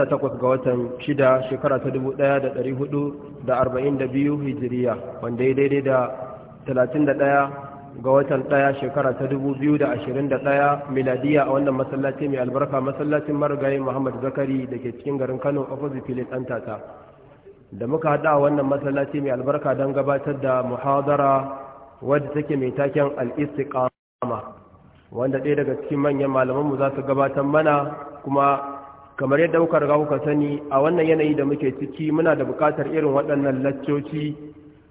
sha takwas ga watan shida shekara ta dubu ɗaya da ɗari hudu da arba'in da biyu hijiriya wanda ya daidai da talatin da ɗaya ga watan ɗaya shekara ta dubu biyu da ashirin da ɗaya miladiya a wannan masallaci mai albarka masallacin marigayi muhammad zakari da ke cikin garin kano opposite filin ɗan tata da muka haɗa wannan masallaci mai albarka don gabatar da muhadara wadda take mai taken al'istiƙama wanda ɗaya daga cikin manyan malamanmu za su gabatar mana kuma kamar yadda kuka riga kuka sani a wannan yanayi da muke ciki muna da bukatar irin waɗannan laccoci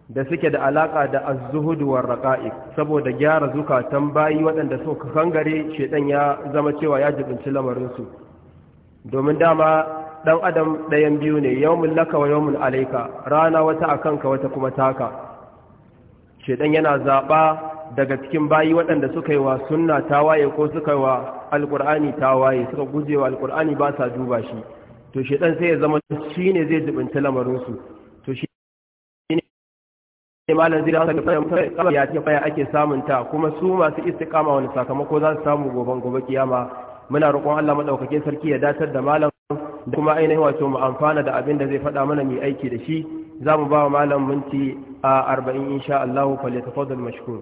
da suke da alaka da az-zuhud war raqa'iq saboda gyara zukatan bayi waɗanda so. suka kangare shedan ya zama cewa ya jibinci lamarin su domin dama dan adam ɗayan biyu ne yawmul laka wa yawmul alayka rana wata akan ka wata kuma taka shedan yana zaba daga cikin bayi waɗanda suka yi wa sunna tawaye ko suka yi wa alkur'ani ta waye suka gujewa alkur'ani ba sa duba shi to shedan sai ya zama shi ne zai dubinta lamarinsu to shi ne malar zira haka fayar mutane ya ce faya ake samunta kuma su masu istiqama wani sakamako za su samu goban gobe kiyama muna roƙon Allah maɗaukakin sarki ya datar da malam da kuma ainihin wato mu amfana da abin da zai faɗa mana mai aiki da shi za mu ba wa malam minti a arba'in insha Allah fa litafaddal mashkur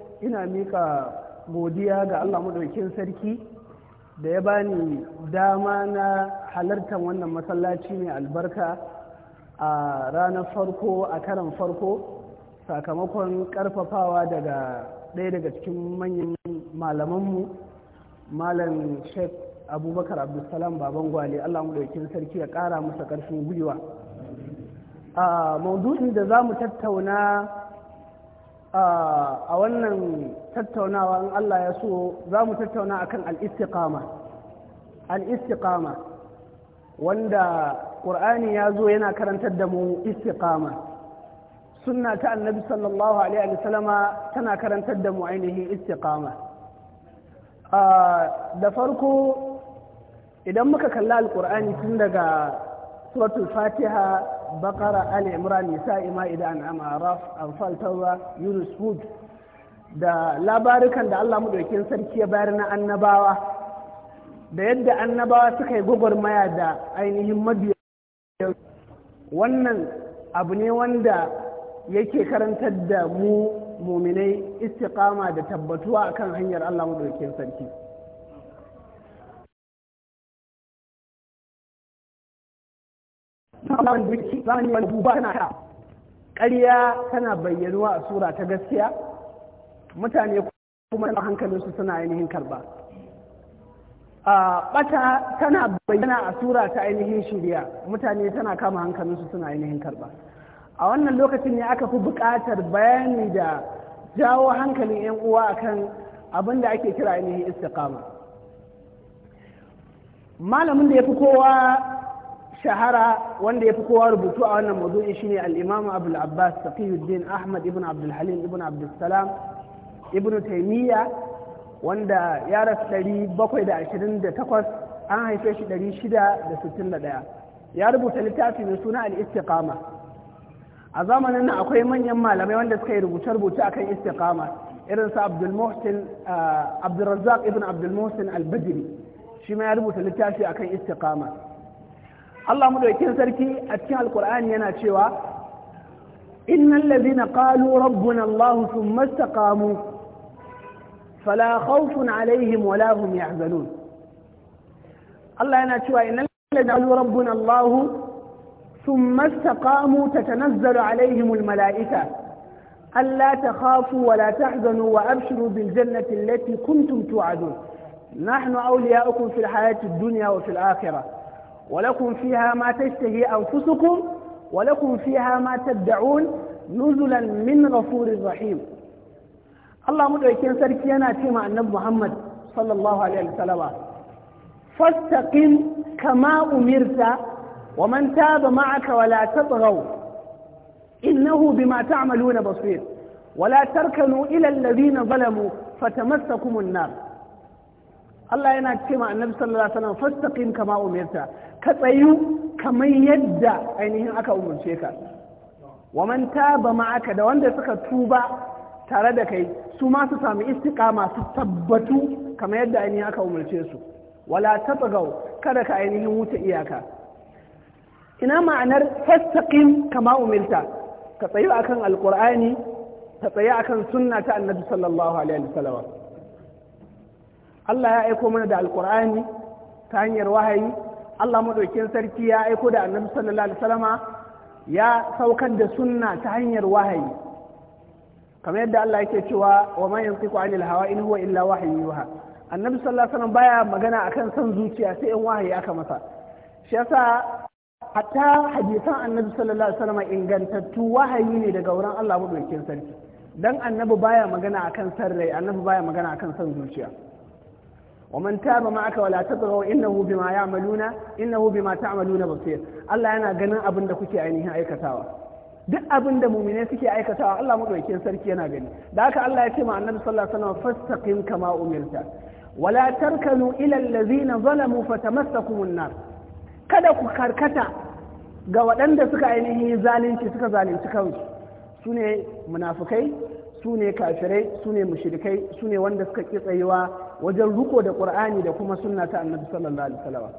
ina mika godiya ga allah madaukin sarki da ya bani dama na halartar wannan masallaci mai albarka a ranar farko a karan farko sakamakon karfafawa daga ɗaya daga cikin manyan malamanmu malam sheikh abubakar abdulsalam baban gwale allah madaukin sarki ya ƙara masa ƙarfin gwiwa a maudu'in da zamu tattauna a wannan tattaunawa in Allah ya so za mu tattauna akan al-istiqama wanda ƙur'ani ya zo yana karantar da mu istiqama sunna ta annabi sallallahu alaihi wa sallama tana karantar da mu ainihin istiqama da farko idan muka kalli alƙur'ani tun daga suratul fatiha bakara ali imran nisa ma'ida an'am araf anfal yunus hud da labarukan da Allah madaukakin sarki ya bayar na annabawa da yadda annabawa suka yi gwagwarmaya da ainihin mabiya wannan abu ne wanda yake karantar da mu muminai istiqama da tabbatuwa akan hanyar Allah madaukakin sarki zamanin birki zamanin wani buba tana ta ƙarya tana bayyanuwa a sura ta gaskiya mutane kuma da hankalinsu suna ainihin karba a bata tana bayyana a sura ta ainihin shirya mutane tana kama hankalinsu suna ainihin karba a wannan lokacin ne aka fi buƙatar bayani da jawo hankalin 'yan uwa akan abin da ake kira ainihin istiqama malamin da ya fi kowa shahara wanda ya fi kowa rubutu a wannan mazu'i shine al-imam abul abbas taqiyuddin ahmad ibn abdul ibn abdulsalam ibn taimiyya wanda ya rasu ɗari bakwai da ashirin da takwas an haife shi ɗari shida da sittin da ɗaya ya rubuta littafi mai suna al a zamanin nan akwai manyan malamai wanda suka yi rubuce-rubuce akan istiqama irin sa abdul muhsin ah, ibn abdul al-badri shi ma ya rubuta littafi akan istiqama Allah madaukakin sarki a cikin alkur'ani yana cewa innal ladhina qalu rabbuna Allah thumma istaqamu fala khawfun alaihim wala hum yahzanun Allah yana cewa innal ladhina qalu rabbuna Allah thumma istaqamu tatanazzalu alaihim almalaika ألا تخافوا ولا تحزنوا وأبشروا بالجنة التي كنتم توعدون نحن أولياؤكم في الحياة الدنيا وفي الآخرة ولكم فيها ما تشتهي أنفسكم ولكم فيها ما تدعون نزلا من غفور رحيم الله مدعكين سركينا تيمع النبي محمد صلى الله عليه وسلم فاستقم كما أمرت ومن تاب معك ولا تطغوا إنه بما تعملون بصير ولا تركنوا إلى الذين ظلموا فتمسكم النار الله ينعكي مع النبي صلى الله عليه وسلم فاستقم كما أمرت ka tsayu kamar yadda ainihin aka umarce ka wa man taba ma'aka da wanda suka tuba tare da kai su ma su sami istiqama su tabbatu kamar yadda ainihin aka umarce su wala tatagaw kada ka ainihin wuce iyaka ina ma'anar fastaqim kama umirta ka tsayu akan alqur'ani ka tsayu akan sunna ta annabi sallallahu alaihi wasallam Allah ya aiko mana da alqur'ani ta hanyar wahayi Allah madaukin sarki ya aiko da annabi sallallahu alaihi wasallama ya saukar da sunna ta hanyar wahayi kamar yadda Allah yake cewa wa man yantiqu anil hawa in huwa illa wahyu yuha annabi sallallahu alaihi wasallam baya magana akan san zuciya sai in wahayi aka masa shi yasa hatta hadisan annabi sallallahu alaihi wasallam ingantattu wahayi ne daga wurin Allah madaukakin sarki dan annabi baya magana akan san rai annabi baya magana akan san zuciya ومن تاب معك ولا تطغوا انه بما يعملون انه بما تعملون بصير الله yana ganin abin da kuke ainihin aikatawa duk abin da mu'mine suke aikatawa Allah madaukakin sarki yana gani da haka Allah ya ce ma annabi sallallahu alaihi wasallam fastaqim kama umirta wala tarkanu ila allazina zalamu fatamassakumun nar kada ku karkata ga waɗanda suka ainihi zalunci suka zalunci kansu sune munafikai sune kafirai sune mushrikai sune wanda suka ki tsayewa wajen riko da qur'ani da kuma sunna ta annabi sallallahu alaihi wasallam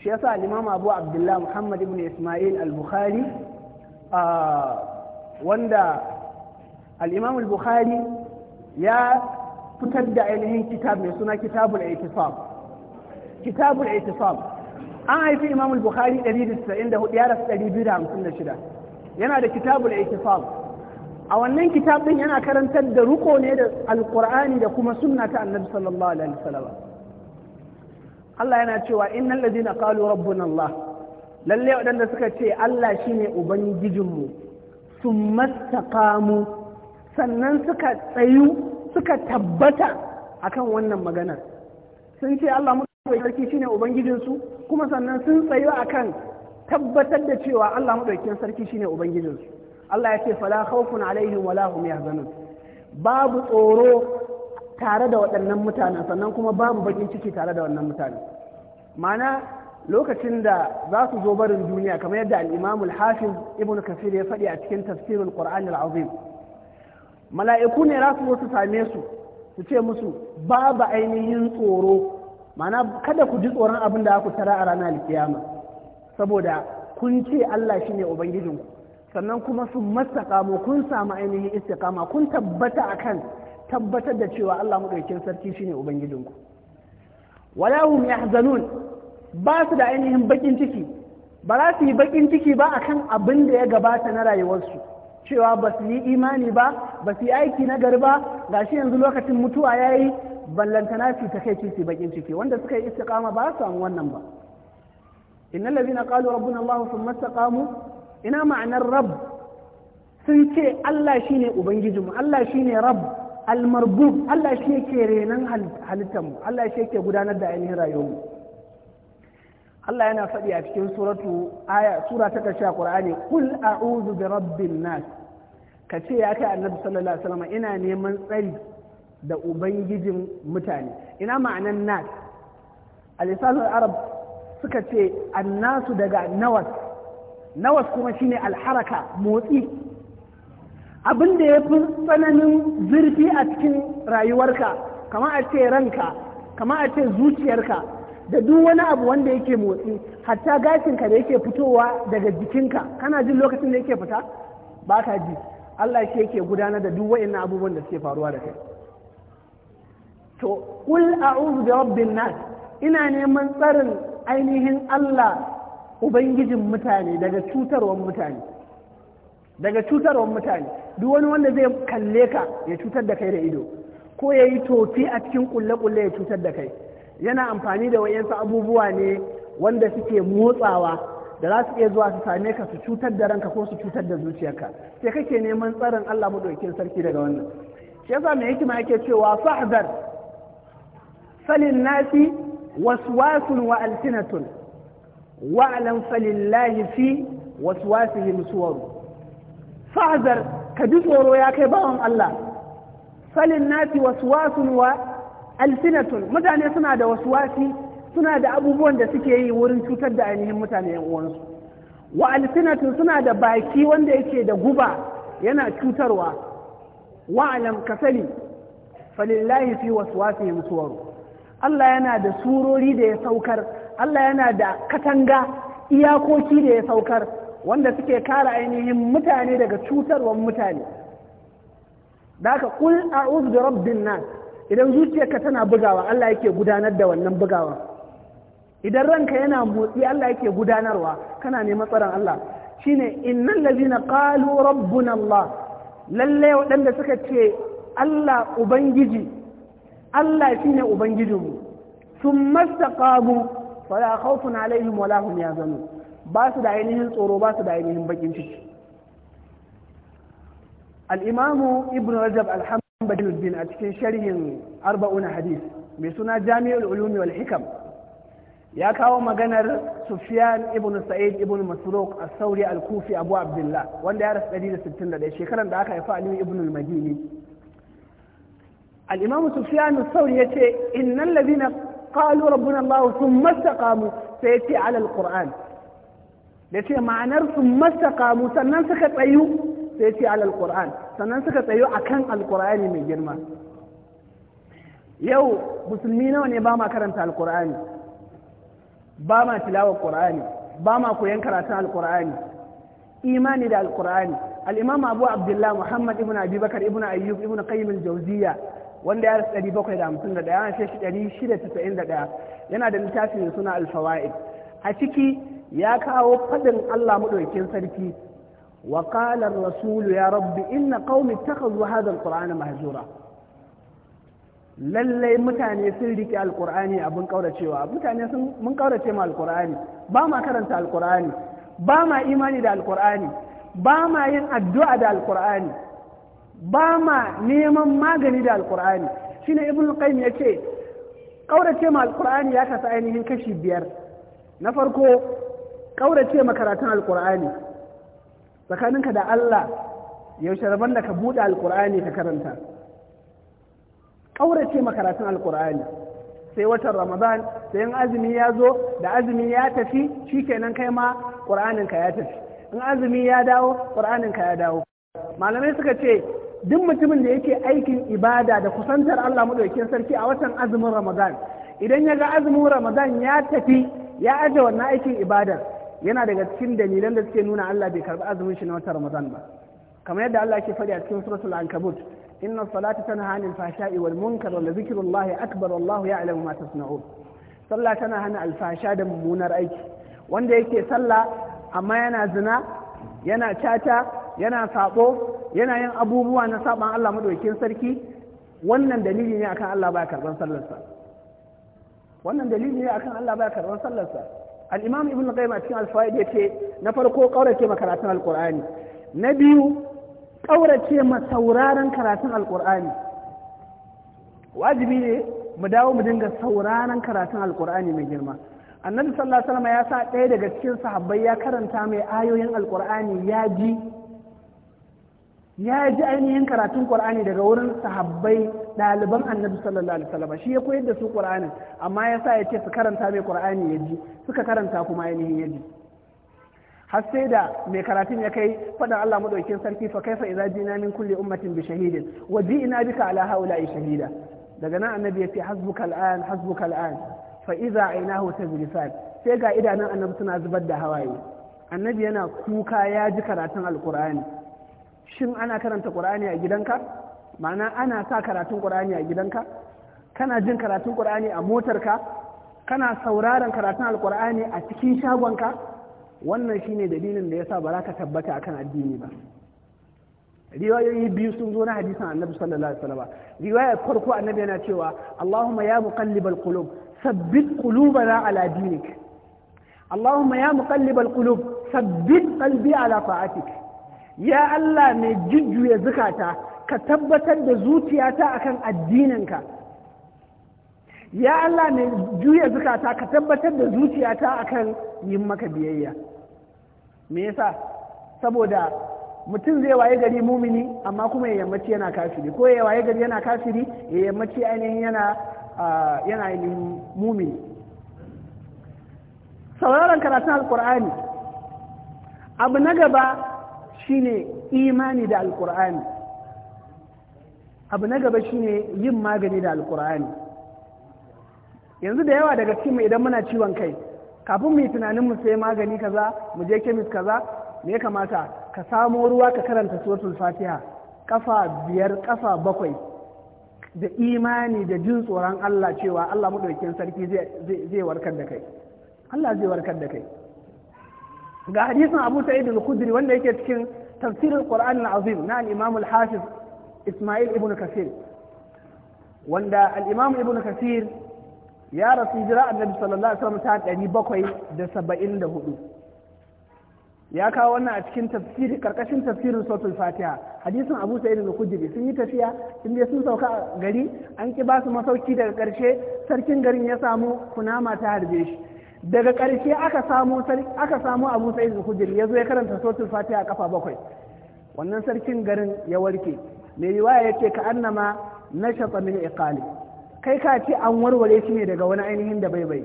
shi yasa al-imam abu abdullah muhammad ibn isma'il al-bukhari wanda al-imam al-bukhari ya fitar da ainihin kitab mai suna kitabul i'tisam kitabul i'tisam an haifi imam al-bukhari 194 ya rasu 256 yana da kitabul i'tisam a wannan kitabin yana karantar da ruko ne da alkur'ani da kuma sunna ta annabi sallallahu alaihi wasallam Allah yana cewa innal ladina qalu rabbuna Allah lalle waɗanda suka ce Allah shine ubangijinmu sun taqamu sannan suka tsayu suka tabbata akan wannan maganar sun ce Allah maɗauki sarki shine ubangijinsu kuma sannan sun tsayu akan tabbatar da cewa Allah maɗaukin sarki shine ubangijinsu Allah ya ce fala khawfun alaihim wala hum yahzanun babu tsoro tare da waɗannan mutanen sannan kuma babu bakin ciki tare da waɗannan mutane mana lokacin da za su zo barin duniya kamar yadda al-Imam al-Hafiz Ibn Kathir ya faɗi a cikin tafsirin Qur'an al-Azim mala'iku ne za su zo su same su su ce musu babu ainihin tsoro mana kada ku ji tsoron abin da aka tara a ranar alkiyama saboda kun ce Allah shine ubangijinku sannan kuma sun mastaƙamo kun samu ainihin istikama kun tabbata akan tabbatar da cewa Allah maɗaukin sarki shine ubangijinku wala hum yahzanun ba su da ainihin bakin ciki ba za su yi bakin ciki ba akan abin da ya gabata na rayuwarsu cewa ba su yi imani ba ba su yi aiki na gari ba shi yanzu lokacin mutuwa ya yi ballantana su ta kai su bakin ciki wanda suka yi istiqama ba su samu wannan ba innal na qalu rabbuna allah thumma istaqamu ina ma'anar rab sun ce Allah shine ubangijinmu Allah shine rab almarbu Allah shi yake renan halittarmu Allah shi yake gudanar da ainihin rayuwarmu Allah yana faɗi a cikin suratu aya sura ta karshe a Qur'ani kul a'udhu bi rabbin nas ka ce ya kai annabi sallallahu alaihi wasallam ina neman tsari da ubangijin mutane ina ma'anan nas al arab suka ce annasu daga nawas nawas kuma shine alharaka motsi abin da ya fi tsananin zurfi a cikin rayuwarka kama a ce ranka kama a ce zuciyarka da duk wani abu wanda yake motsi hatta gashinka da yake fitowa daga jikinka kana jin lokacin da yake fita ba ka ji Allah shi yake gudanar da duk wa'annan abubuwan da suke faruwa da kai to qul a'udhu bi rabbin nas ina neman tsarin ainihin Allah ubangijin mutane daga cutarwar mutane daga cutarwar mutane duk wani wanda zai kalle ka ya cutar da kai da ido ko ya yi tofi a cikin kulle-kulle ya cutar da kai yana amfani da wayansu abubuwa ne wanda suke motsawa da za su iya zuwa su same ka su cutar da ranka ko su cutar da zuciyarka sai kake neman tsarin Allah madaukakin sarki daga wannan shi yasa mai hikima yake cewa fahdar salin nasi waswasun wa altinatun wa'lam falillahi fi waswasihim suwaru fa'zar ka ji tsoro ya kai bawon Allah falin nasi waswasun wa mutane suna da waswasi suna da abubuwan da suke yi wurin cutar da ainihin mutane yan uwansu wa alfinatun suna da baki wanda yake da guba yana cutarwa wa'lam ka sani falillahi fi waswasihim suwaru Allah yana da surori da ya saukar Allah yana da katanga iyakoki da ya saukar wanda suke kare ainihin mutane daga cutarwar mutane da haka kul a'udhu bi rabbin nas idan zuciyarka tana bugawa Allah yake gudanar da wannan bugawa idan ranka yana motsi Allah yake gudanarwa kana neman tsaron Allah shine innal ladina qalu rabbuna Allah lalle waɗanda suka ce Allah ubangiji Allah shine ubangijinmu sun mastaqamu fala khawfun alaihim wala hum yahzanun ba su da ainihin tsoro ba da ainihin bakin ciki al-imam ibn rajab al-hanbali a cikin sharhin arba'un hadith mai suna jami'ul ulumi wal hikam ya kawo maganar sufyan ibn sa'id ibn masruq a sauri al-kufi abu abdullah wanda ya rasu 161 shekaran da aka haifa ali ibn al-madini al-imam sufyan as-sauri yace innal ladina qalu rabbuna Allah thumma istaqamu sai yace ala alquran yace ma'anar thumma istaqamu sannan suka tsayu sai yace ala alquran sannan suka tsayu akan alqurani mai girma yau musulmi nawa ne ba ma karanta alqurani ba ma tilawa alqurani ba ma koyan karatun alqurani imani da alqurani al-imam abu abdullah muhammad ibn Abibakar, ibn ayyub ibn qayyim al wanda ya rasu ɗari bakwai da hamsin da ɗaya ana shi ɗari shida tasa'in da ɗaya yana da littafi mai suna alfawa'id a ciki ya kawo faɗin Allah maɗaukin sarki wa qala rasulu ya rabbi inna qaumi ittakhadhu hadha alqur'ana mahjura lallai mutane sun rike alqur'ani abin kauracewa mutane sun mun kaurace ma alqur'ani ba ma karanta alqur'ani ba ma imani da alqur'ani ba ma yin addu'a da alqur'ani ba ma neman magani da alkur'ani shine ibn ya ce. kaurace ma alkur'ani ya kasa ainihin kashi biyar na farko ƙaurace ma karatun alkur'ani tsakaninka da Allah yaushe rabon da ka buɗe alkur'ani ka karanta Ƙaurace ma karatun alkur'ani sai watan ramadan sai in azumi ya zo da azumi ya tafi shikenan kai ma qur'aninka ya tafi in azumi ya dawo qur'aninka ya dawo malamai suka ce duk mutumin da yake aikin ibada da kusantar Allah madaukakin sarki a watan azumin Ramadan idan ya ga azumin Ramadan ya tafi ya aje wannan aikin ibadar yana daga cikin dalilan da suke nuna Allah bai karbi azumin shi na watan Ramadan ba kamar yadda Allah ke faɗi a cikin suratul ankabut inna salata tanha anil fahsha'i wal munkar wa dhikrullahi akbar wallahu ya'lamu ma tasna'un sallah tana hana alfasha da mummunar aiki wanda yake sallah amma yana zina yana caca. yana sabo yana yin abubuwa na saɓan Allah madaukin sarki wannan dalili ne akan Allah baya karban sallarsa wannan dalili ne akan Allah baya karban sallarsa al-imam ibn qayyim a cikin al-fawaid yace na farko kaurace karatun al-qur'ani na biyu kaurace ma sauraron karatun al-qur'ani wajibi ne mu dawo mu dinga sauraron karatun al-qur'ani mai girma annabi sallallahu alaihi wasallam ya sa ɗaya daga cikin sahabbai ya karanta mai ayoyin al al-qur'ani ya ji ya ji ainihin karatun qur'ani daga wurin sahabbai ɗaliban annabi sallallahu alaihi wasallam shi ya koyar da su qur'anin amma ya sa ya ce su karanta mai qur'ani ya ji suka karanta kuma ainihin ya ji har sai da mai karatun ya kai faɗin Allah madaukakin sarki fa kaifa idza jina min kulli ummatin bi shahidin wa ji'na bika ala haula'i shahida daga nan annabi ya ce hasbuka al'an hasbuka al'an fa idza aynahu tajrisan sai ga idanun annabi suna zubar da hawaye annabi yana kuka ya ji karatun alqur'ani shin ana karanta ƙur'ani a gidanka ma'ana ana sa karatun ƙur'ani a gidanka kana jin karatun ƙur'ani a motarka kana sauraron karatun alqur'ani a cikin shagonka wannan shine dalilin da yasa ba za ka tabbata akan addini ba riwayoyi biyu sun zo na hadisin annabi sallallahu alaihi wasallam riwaya farko annabi yana cewa Allahumma ya muqallibal qulub sabbit qulubana ala dinik Allahumma ya muqallibal qulub sabbit qalbi ala ta'atik ya Allah mai jujjuya zukata ka tabbatar da zuciyata akan addininka ya Allah mai juya zukata ka tabbatar da zuciyata akan yin maka biyayya me yasa saboda mutum zai waye gari mumini amma kuma ya yammaci yana kafiri ko ya waye gari yana kafiri ya yammaci ainihin yana yana ainihin mumini sauraron karatun alkur'ani abu na gaba shine imani da alkur'ani abu na gaba shine yin magani da alkur'ani yanzu da yawa daga cikin idan muna ciwon kai kafin mu yi tunanin mu sai magani kaza mu je kemis kaza me ya kamata ka samo ruwa ka karanta suratul fatiha kafa biyar kafa bakwai da imani da jin tsoron Allah cewa Allah madaukakin sarki zai warkar da kai Allah zai warkar da kai ga hadisin Abu Sa'id al-Khudri wanda yake cikin tafsirin Qur'an azim na al-Imam al-Hafiz Ismail ibn Kathir wanda al-Imam ibn Kathir ya rasu jira annabi sallallahu alaihi wasallam ta ɗari bakwai da saba'in da hudu ya kawo wannan a cikin tafsiri karkashin tafsirin suratul fatiha hadisin abu sa'id al sun yi tafiya sun je sun sauka gari an ki ba su masauki daga karshe sarkin garin ya samu kunama ta harbe shi daga ƙarshe aka samu aka samu Abu Sa'id ya zo zo ya karanta suratul Fatiha kafa bakwai wannan sarkin garin ya warke mai ya ce ka annama shafa min iqali kai ka ce an warware shi ne daga wani ainihin da bai bai.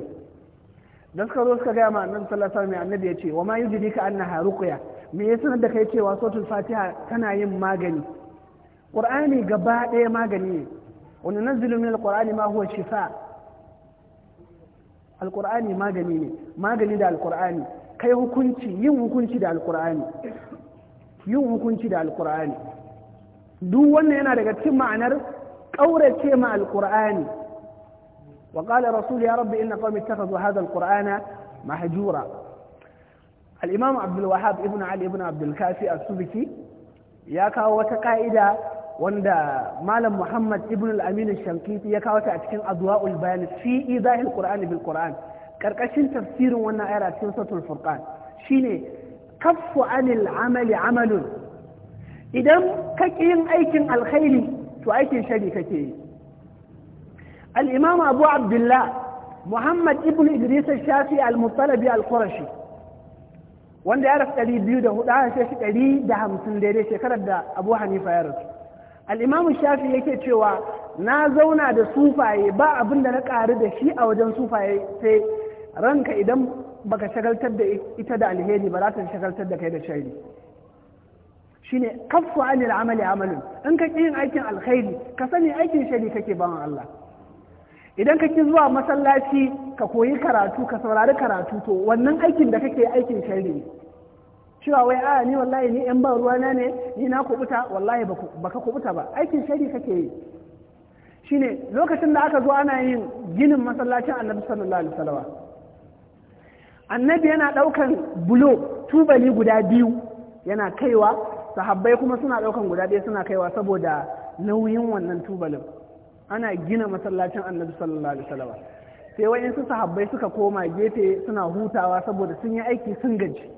dan suka zo suka gaya ma annabi sallallahu alaihi wasallam annabi ce wa ma yujidika annaha ruqya me ya sanar da kai cewa suratul fatiha tana yin magani qur'ani gaba ɗaya magani ne wa nunazzilu min alqur'ani ma huwa shifa alkur'ani magani ne magani da alkur'ani kai hukunci yin hukunci da alkur'ani yin hukunci da alkur'ani duk wannan yana daga cikin ma'anar ƙaurace ma alkur'ani wa qala rasul ya rabbi inna qaumi ittakhadhu hadha alqur'ana mahjura al-imam abdul wahhab ibn ali ibn abdul kafi as-subki ya kawo wata ka'ida wanda malam muhammad ibn al-amin shankiti ya kawo ta a cikin adwa'ul bayan fi idahil qur'ani bil qur'an karkashin tafsirin wannan ayar a cikin suratul furqan shine kaffu anil amali amalun idan kake yin aikin alkhairi to aikin shari kake yi al-imam abu abdullah muhammad ibn idris shafi al mustalabi al-qurashi wanda ya rasu 204 shi 150 daidai shekarar da abu hanifa ya rasu al’imam shafi yake cewa na zauna da sufaye ba abin da na ƙari da shi a wajen sufaye sai ranka idan baka shagaltar da ita da alheri ba za ta shagaltar da kai da shari shine kaffu anil amali amalin in ka yin aikin alheri ka sani aikin shari kake ban Allah idan ka ki zuwa masallaci ka koyi karatu ka saurari karatu to wannan aikin da kake aikin shari ne cewa wai a ni wallahi ni yan ban ruwana ne ni na kubuta wallahi baka kubuta ba aikin shari kake yi shine lokacin da aka zo ana yin ginin masallacin annabi sallallahu alaihi wasallam annabi yana ɗaukan bulo tubali guda biyu yana kaiwa sahabbai kuma suna ɗaukan guda biyu suna kaiwa saboda nauyin wannan tubalin ana gina masallacin annabi sallallahu alaihi wasallam sai wayansu sahabbai suka koma gefe suna hutawa saboda sun yi aiki sun gaji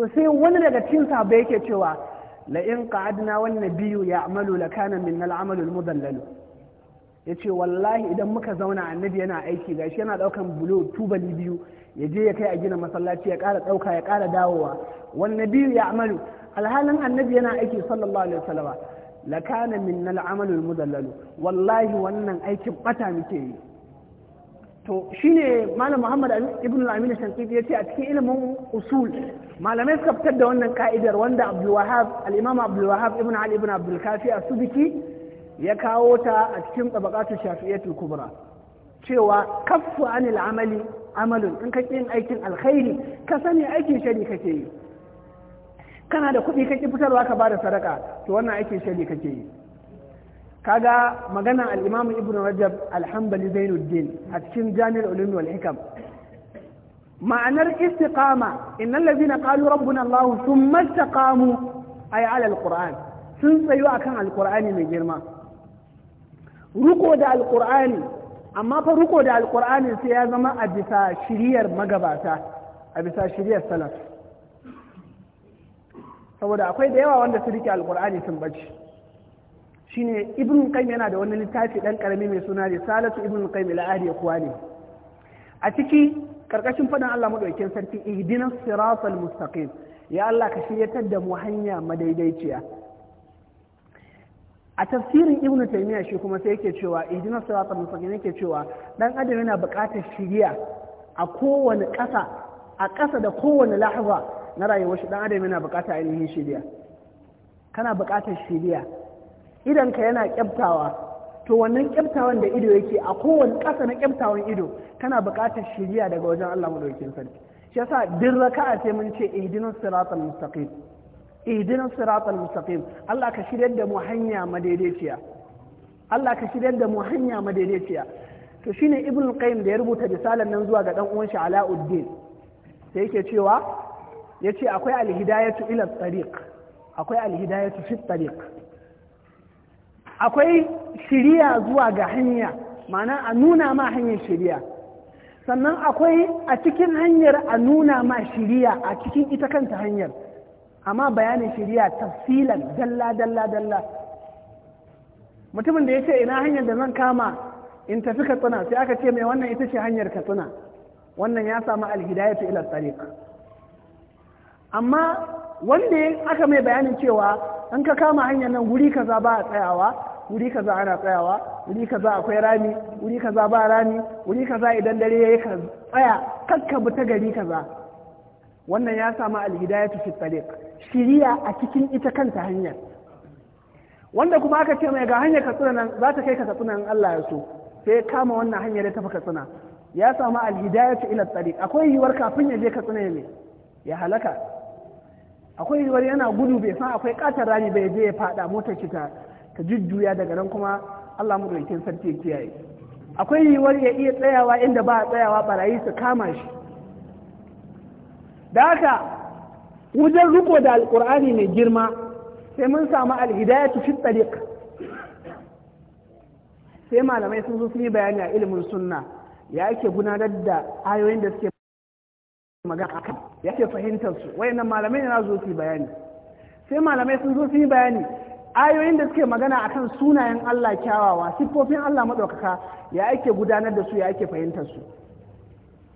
to sai wani daga cikin sahabba yake cewa la in qa'adna wan nabiyyu ya'malu lakana min al-amalu al-mudallal yace wallahi idan muka zauna annabi yana aiki gashi yana daukan bulo tubali biyu ya je ya kai a gina masallaci ya ƙara ɗauka ya ƙara dawowa wan nabiyyu ya'malu alhalin annabi yana aiki sallallahu alaihi wasallam lakana min al-amalu al-mudallal wallahi wannan aikin bata muke yi to shine malam muhammad ibn al-amin ya yace a cikin ilimin usul malamai suka fitar da wannan ka'idar wanda abdul wahab al-imam abdul wahab ibn ali ibn abdul kafi ya kawo ta a cikin tabaqatu shafi'iyatul kubra cewa kaffu anil amali amalun in ka yin aikin alkhairi ka sani aikin shari kake yi kana da kuɗi kake fitarwa ka bada sadaka to wannan aikin shari kake yi kaga magana al-imam ibn rajab alhambali hanbali zainuddin a cikin jami'ul ulum wal hikam ma'anar istiqama innal ladhina qalu rabbuna allah sun istaqamu ay ala al sun tsayu akan kan qurani mai girma ruko da amma fa ruko da al sai ya zama a bisa shiriyar magabata a bisa shiriyar salaf saboda akwai da yawa wanda su rike al sun bace shine ibn qayyim yana da wani littafi dan karami mai suna salatu ibn qayyim ila ahli ikhwani a ciki karkashin fadan Allah madaukakin sarki ihdinas siratal mustaqim ya Allah ka shiryatar da mu hanya madaidaiciya a tafsirin ibnu taymiya shi kuma sai yake cewa ihdinas siratal mustaqim yake cewa dan adam yana buƙatar shiriya a kowane ƙasa a ƙasa da kowane lahaza na rayuwar shi dan adam yana buƙatar ainihin shiriya kana buƙatar shiriya idanka yana kyaftawa to wannan kyabtawan da ido yake a kowane ƙasa na kyaftawan ido kana buƙatar shiriya daga wajen Allah madaukakin sarki shi yasa duk raka'a sai mun ce ihdinas siratal mustaqim ihdinas siratal mustaqim Allah ka shiryar da mu hanya madaidaiciya Allah ka shiryar da mu hanya madaidaiciya to shine ibn qayyim da ya rubuta risalan nan zuwa ga dan uwan shi alauddin sai yake cewa yace akwai alhidayatu ila tariq akwai alhidayatu fi tariq akwai shiriya zuwa ga hanya ma'ana a nuna ma hanyar shiriya sannan akwai a cikin hanyar a nuna ma shiriya a cikin ita kanta hanyar amma bayanin shiriya tafsilan dalla dalla dalla mutumin da ya ce ina hanyar da zan kama in tafi katsina sai aka ce mai wannan ita ce hanyar katsina wannan ya samu alhidayatu ila tariq amma wanda aka mai bayanin cewa in ka kama hanyar nan guri ka za ba a tsayawa wuri kaza ana tsayawa wuri kaza akwai rami wuri kaza ba rami wuri kaza idan dare yayi ka tsaya kakka bi ta gari kaza wannan ya samu alhidayatu fi tariq shiriya a cikin ita kanta hanyar wanda kuma aka ce mai ga hanyar katsina nan za ta kai ka katsina in Allah ya so sai kama wannan hanyar ya tafi katsina ya samu alhidayatu ila tariq akwai yiwuwar kafin ya je katsina ya ya halaka akwai yiwuwar yana gudu bai san akwai katar rami bai je ya fada motar kita ta ta jujjuya daga nan kuma Allah mu madaukakin sarki ya kiyaye akwai yiwuwar ya iya tsayawa inda ba a tsayawa barayi su kama shi da haka wajen riko da alkur'ani mai girma sai mun samu alhidayatu fi tariq sai malamai sun zo sun yi bayani a ilimin sunna ya ake gudanar da ayoyin da suke magana akan ya ke fahimtar su wayannan malamai na zo su yi bayani sai malamai sun zo su yi bayani ayoyin da suke magana akan sunayen Allah kyawawa siffofin Allah maɗaukaka ya ake gudanar da su ya ake fahimtar su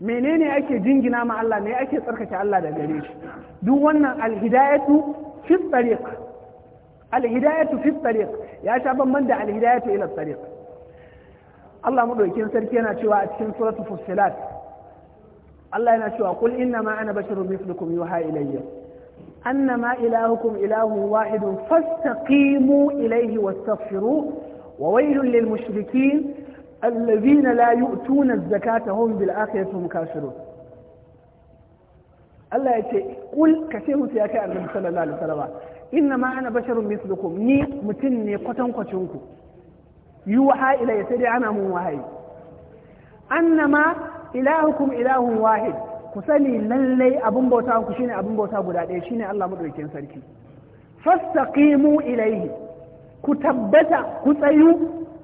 menene ake jingina ma Allah ne ake tsarkake Allah da gare shi duk wannan alhidayatu fi tariq alhidayatu fi tariq ya sha bamban da alhidayatu ila tariq Allah madaukin sarki yana cewa a cikin suratul fussilat Allah yana cewa kul inna ma ana basharun mithlukum yuha ilayya أنما إلهكم إله واحد فاستقيموا إليه ل واستغفروه وويل للمشركين الذين لا يؤتون الزكاة هم بالآخرة هم كافرون الله يقول كثير من سياكا ل صلى الله عليه وسلم إ ن م بشر مثلكم ني متني قتن قتنكم يوحى إ ل أنا سريعنا من وهي أ ن م واحد ku sani lallai abin bauta ku shine abin bauta guda ɗaya shine Allah madaukakin sarki fastaqimu ilaihi ku tabbata ku tsayu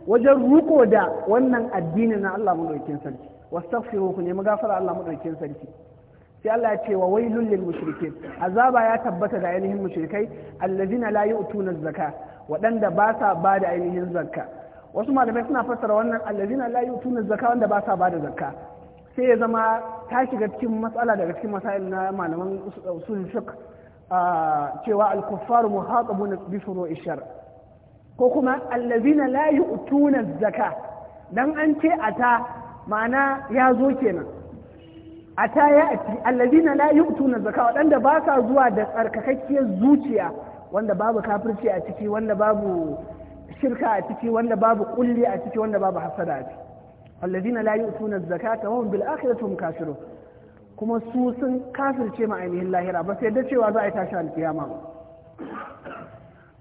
wajen ruko da wannan addini na Allah madaukakin sarki wastaghfiru ku nemi gafara Allah madaukakin sarki sai Allah ya ce wa wailul lil mushrikeen azaba ya tabbata da ainihin mushrikai allazina la yu'tuna zakka waɗanda ba sa ba da ainihin zakka wasu malamai suna fassara wannan allazina la yu'tuna zakka wanda ba sa ba da zakka sai ya zama ta shiga cikin matsala daga cikin masail na malaman usul fiqh cewa al-kuffar muhatabuna bi furu'i shar ko kuma allazina la yu'tuna zaka dan an ce ata ma'ana ya zo kenan ata ya ati allazina la yu'tuna zaka wadanda ba sa zuwa da tsarkakakkiyar zuciya wanda babu kafirci a ciki wanda babu shirka a ciki wanda babu kulli a ciki wanda babu hasada a ciki alladhina la yu'tuna zakata wa hum bil akhirati hum kuma su sun kafirce ma ainihin lahira ba sai da za a tashi alkiyama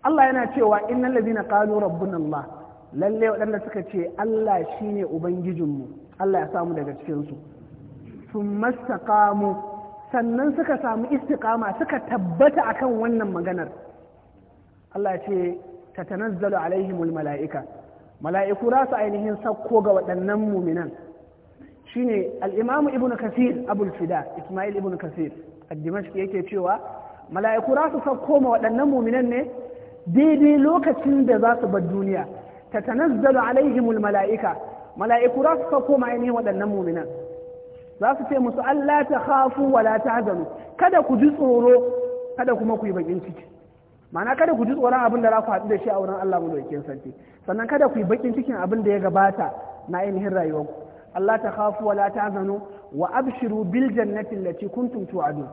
Allah yana cewa innal ladina qalu rabbuna Allah lallai waɗanda suka ce Allah shine ubangijinmu Allah ya samu daga cikin su thumma istaqamu sannan suka samu istiqama suka tabbata akan wannan maganar Allah ya ce tatanazzalu alaihimul mala'ika mala'iku za su ainihin sakko ga waɗannan muminan shine ne al'imamu ibnu kasir abul fida isma'il ibnu kasir ad-dimashq yake cewa mala'iku za su sakko ma waɗannan muminan ne daidai lokacin da za su bar duniya ta tatanazzalu alaihimul mala'ika mala'iku za su sakko ma ainihin waɗannan muminan za su ce musu Allah ta hafu wala ta hazanu kada ku ji tsoro kada kuma ku yi bakin ciki ma'ana kada ku ji tsoron abin da za ku haɗu da shi a wurin Allah mulkin sarki sannan kada ku yi bakin cikin abin da ya gabata na ainihin rayuwarku Allah ta khafu wa la tahzanu wa abshiru bil jannati allati kuntum tu'adun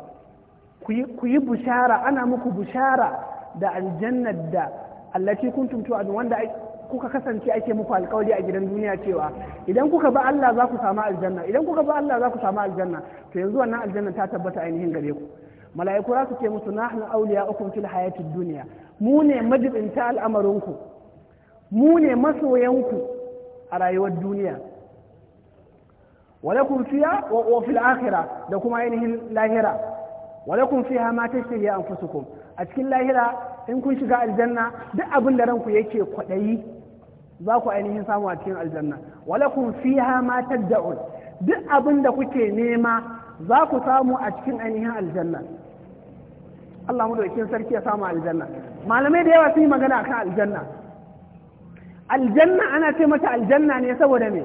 ku yi bushara ana muku bushara da aljannar da allati kuntum tu'adun wanda kuka kasance ake muku alkawari a gidan duniya cewa idan kuka ba Allah za ku samu aljanna idan kuka ba Allah za ku samu aljanna to yanzu wannan aljanna ta tabbata ainihin gare ku mala'iku za su ce musu nahnu auliya ukun fil hayati duniya mu ne majibinta al'amarinku mu ne masoyanku a rayuwar duniya walakum fiya wa fil akhirah da kuma ainihin lahira walakum fiha ma tashtahi anfusukum a cikin lahira in kun shiga aljanna duk abin da ranku yake kwaɗayi za ku ainihin samu a cikin aljanna walakum fiha ma tad'un duk abin da kuke nema za ku samu a cikin ainihin aljanna Allah mu daukin sarki ya samu aljanna malamai da yawa sun yi magana kan aljanna aljanna ana ce mata aljanna ne saboda me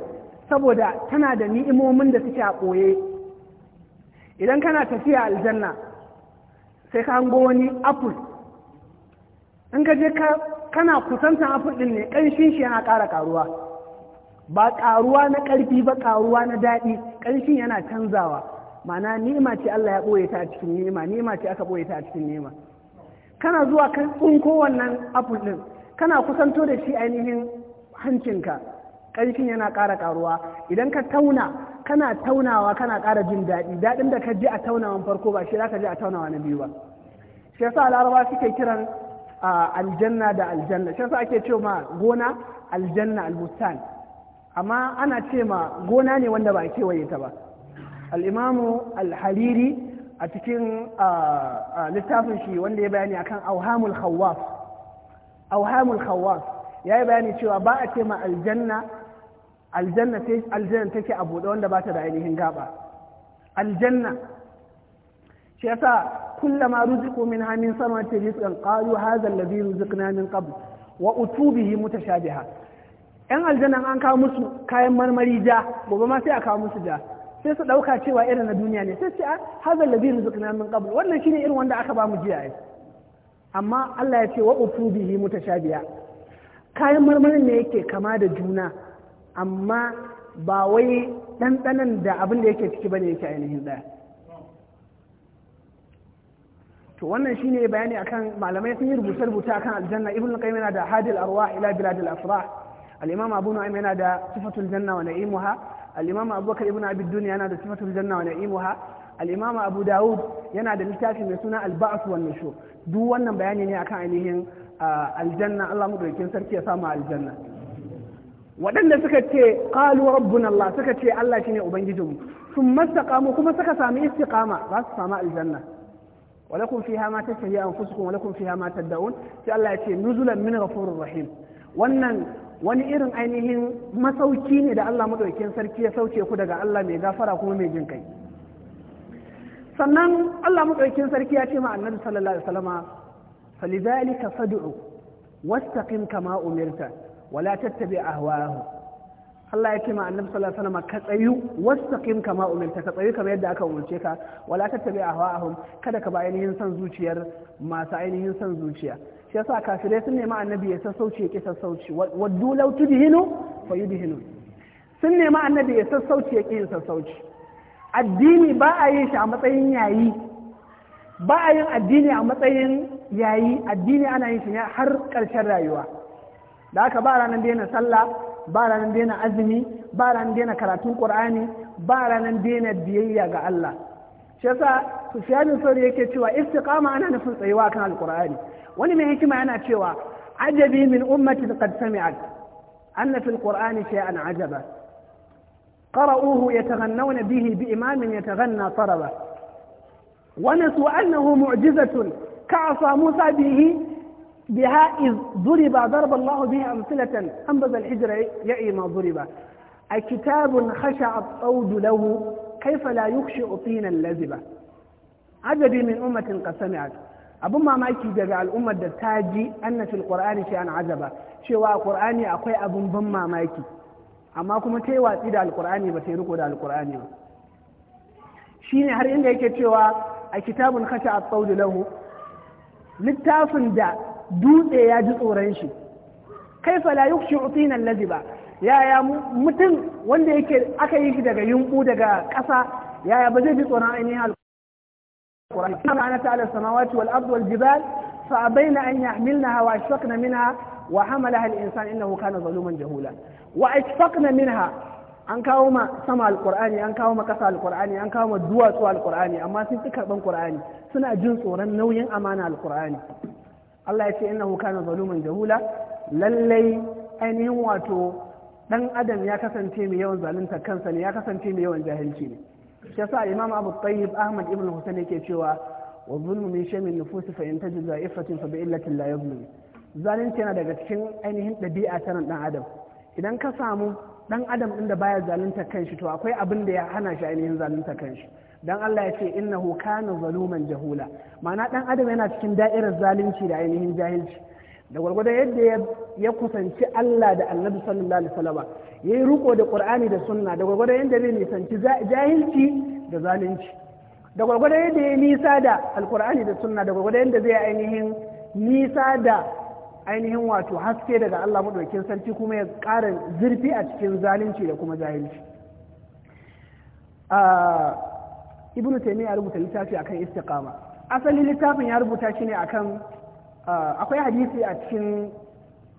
saboda tana da ni'imomin da suke a koye idan kana tafiya aljanna sai ka hango wani apple in ka je ka kana kusantan apple din ne kanshin shi yana ƙara karuwa ba karuwa na ƙarfi ba karuwa na daɗi kanshin yana canzawa ma'ana nema ce Allah ya ɓoye ta a cikin nima nima ce aka ɓoye ta a cikin nima kana zuwa ka tsinko wannan apple din kana kusanto da shi ainihin hancinka ƙarfin yana ƙara ƙaruwa idan ka tauna kana taunawa kana ƙara jin daɗi daɗin da ka ji a taunawan farko ba shi za ka ji a taunawa na biyu ba shi yasa larabawa suke kiran aljanna da aljanna shi yasa ake ce ma gona aljanna albustan amma ana ce ma gona ne wanda ba a kewaye ta ba al'imamu al-hariri a cikin littafin shi wanda ya bayani akan auhamul hawa auhamul khawwas ya yi bayani cewa ba a ce ma aljanna aljanna aljanna take a buɗe wanda ba ta da ainihin gaba aljanna shi yasa kullama a minha min samati rizqan qalu hadha alladhi ruziqna min qabl wa sha mutashabiha yan aljanna an kawo musu kayan marmari ja gobe ma sai a kawo musu ja sai su ɗauka cewa irin na duniya ne sai su a ah, haza lazi rizqna min qabl wannan shine irin wanda aka ba mu jiya yi amma Allah ya ce wa utu bihi mutashabiya kayan marmarin ne yake kama da juna amma ba wai ɗanɗanan da abin da yake ciki ba ne yake ainihin ɗaya to wannan shine bayani akan malamai sun yi rubuce rubuce akan aljanna ibnu qayyim yana da hadil arwah ila biladil afrah al-imam abu nu'aym yana da sifatul janna wa na'imuha al-imam abubakar ibn abi dunya yana da sifatul janna wa na'imuha al-imam abu daud yana da littafi mai suna al-ba'th wa nushur duk wannan bayani ne akan ainihin ah, aljanna Allah madaukakin sarki ya samu aljanna waɗanda suka ce qalu rabbuna Allah suka ce Allah ne ubangijinmu sun mastaqamu kuma suka sami istiqama za su samu aljanna ولكم فيها ما تشتهي أنفسكم ولكم فيها ما تدعون sai Allah ya ce nuzulan min ghafurur rahim wannan wani irin ainihin masauki ne da Allah madaukakin sarki ya sauke ku daga Allah mai gafara kuma mai jin kai sannan Allah madaukakin sarki ya ce ma annabi sallallahu alaihi wasallama falidhalika fad'u wastaqim kama umirta wala tattabi ahwaahu Allah ya ce ma annabi sallallahu alaihi wasallam ka tsayu wastaqim kama umirta ka tsayu kamar yadda aka umurce ka wala tattabi ahwa'ahum kada ka ba ainihin san zuciyar masu ainihin san zuciya shi yasa kafirai sun nemi annabi ya sassauci ya ki sassauci waddu law tudhinu yudhinu sun nemi annabi ya sassauci ya ki sassauci addini ba a yin shi a matsayin yayi ba a yin addini a matsayin yayi addini ana yin shi ne har ƙarshen rayuwa da haka ba ranar daina sallah ba ranar daina azumi ba ranar daina karatun qur'ani ba ranar daina biyayya ga Allah shi yasa sufyanin sauri yake cewa istiqama ana nufin tsayuwa kan alqur'ani wani mai hikima yana cewa ajabi min ummati qad sami'at anna fil qur'ani shay'an ajaba qara'uhu yataghannawna bihi bi imamin yataghanna taraba wa nasu annahu mu'jizatun ka'asa musa bihi بها إذ ضرب ضرب الله به أمثلة أنبذ الحجر يعي ما ضرب أكتاب خشع الطود له كيف لا يخشع طينا لذبة عجبي من أمة قد سمعت أبو ما مايكي جاء الأمة التاجي أن في القرآن شيئا عجبا شواء القرآن أقوي أبو بما مايكي أما كما تيوى إذا القرآن بتيرك ولا القرآن شين هرين ليك تيوى أكتاب خشع الطود له للتافن ده dutse ya ji tsoron shi kaifa la yukshi utina allazi ba ya ya mutum wanda yake aka yi shi daga yunku daga kasa ya ya ba zai ji tsoron ainihin alƙur'ani kuma ana ta'ala samawati wal ardi wal jibal fa abaina an yahmilnaha wa ashfaqna minha wa hamalaha al insan innahu kana zaluman jahula wa ashfaqna minha an kawo ma sama alƙur'ani an kawo ma ƙasa alƙur'ani an kawo ma duwatsu alƙur'ani amma sun ci karɓan ƙur'ani suna jin tsoron nauyin amana alƙur'ani Allah ya ce innahu kana zaluman jahula lallai ainihin wato dan adam ya kasance mai yawan zalunta kansa ne ya kasance mai yawan jahilci ne shi yasa imam abu tayyib ahmad ibn husain yake cewa wa zulmu min shamin nufus fa in tajid za'ifatin fa bi illatin la yuzlim zalunci yana daga cikin ainihin dabi'a ta dan adam idan ka samu dan adam din da baya zalunta kanshi to akwai abin da ya hana shi ainihin zalunta kanshi dan Allah ya ce innahu kana zaluman jahula ma'ana dan adam yana cikin da'irar zalunci da ainihin jahilci da gwargwadon yadda ya kusanci Allah da Annabi sallallahu alaihi wasallam yayi ruko da Qur'ani da Sunna da gwargwadon yadda bai nisanci jahilci da zalunci da gwargwadon yadda ya nisa da al Al-Qur'ani da Sunna da gwargwadon yadda zai ainihin nisa da ainihin wato haske daga Allah madaukakin sarki kuma ya ƙara zurfi a cikin zalunci da kuma jahilci ah, ibn taymiya rubuta littafi akan istiqama asali littafin ya rubuta shi ne akan akwai hadisi a cikin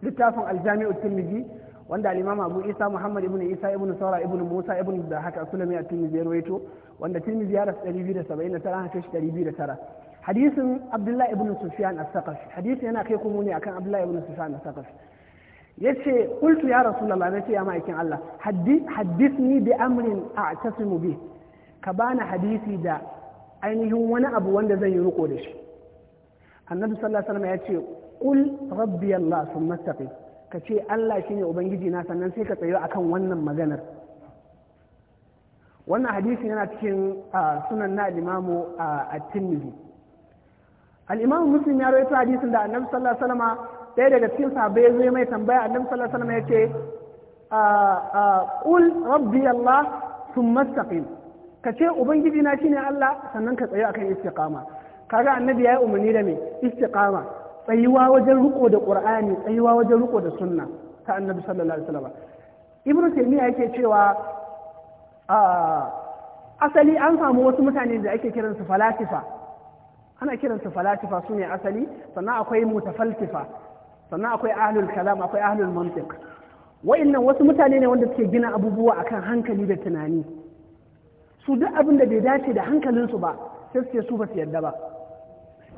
littafin aljami'u tirmidhi wanda al-imam abu isa muhammad ibn isa ibn saura ibn musa ibn da haka sulami a tirmidhi ya rawaito wanda tirmidhi ya rasu 279 haka shi 209 hadisin abdullahi ibn sufyan as-saqafi hadisi yana kai kuma ne akan abdullahi ibn sufyan as-saqafi yace qultu ya rasulullah nace ya ma'aikin allah haddi haddithni bi amrin a'tasimu bihi ka bani hadisi da ainihin wani abu wanda zan yi riko da shi annabi sallallahu alaihi ya ce kul rabbi allah thumma istaqim ka ce allah shine ubangiji na sannan sai ka tsayo akan wannan maganar wannan hadisi yana cikin sunan na imamu at-tirmidhi al-imamu muslim ya rawaito hadisin da annabi sallallahu alaihi wasallam ɗaya daga cikin sahabbai ya zo mai tambaya annabi sallallahu alaihi wasallam ya ce qul rabbi allah thumma istaqim ka ce ubangiji na shine Allah sannan ka tsaye akan istiqama kaga annabi yayi umarni da me istiqama tsayuwa wajen riko da qur'ani tsayuwa wajen riko da sunna ta annabi sallallahu alaihi wasallam ibnu taymiya yake cewa asali an samu wasu mutane da ake kiransu falasifa ana kiransu falasifa su ne asali sannan akwai mutafaltifa sannan akwai ahlul kalam akwai ahlul mantiq wa'annan wasu mutane ne wanda suke gina abubuwa akan hankali da tunani su duk abin da bai dace da hankalinsu ba sai su ce su ba su yarda ba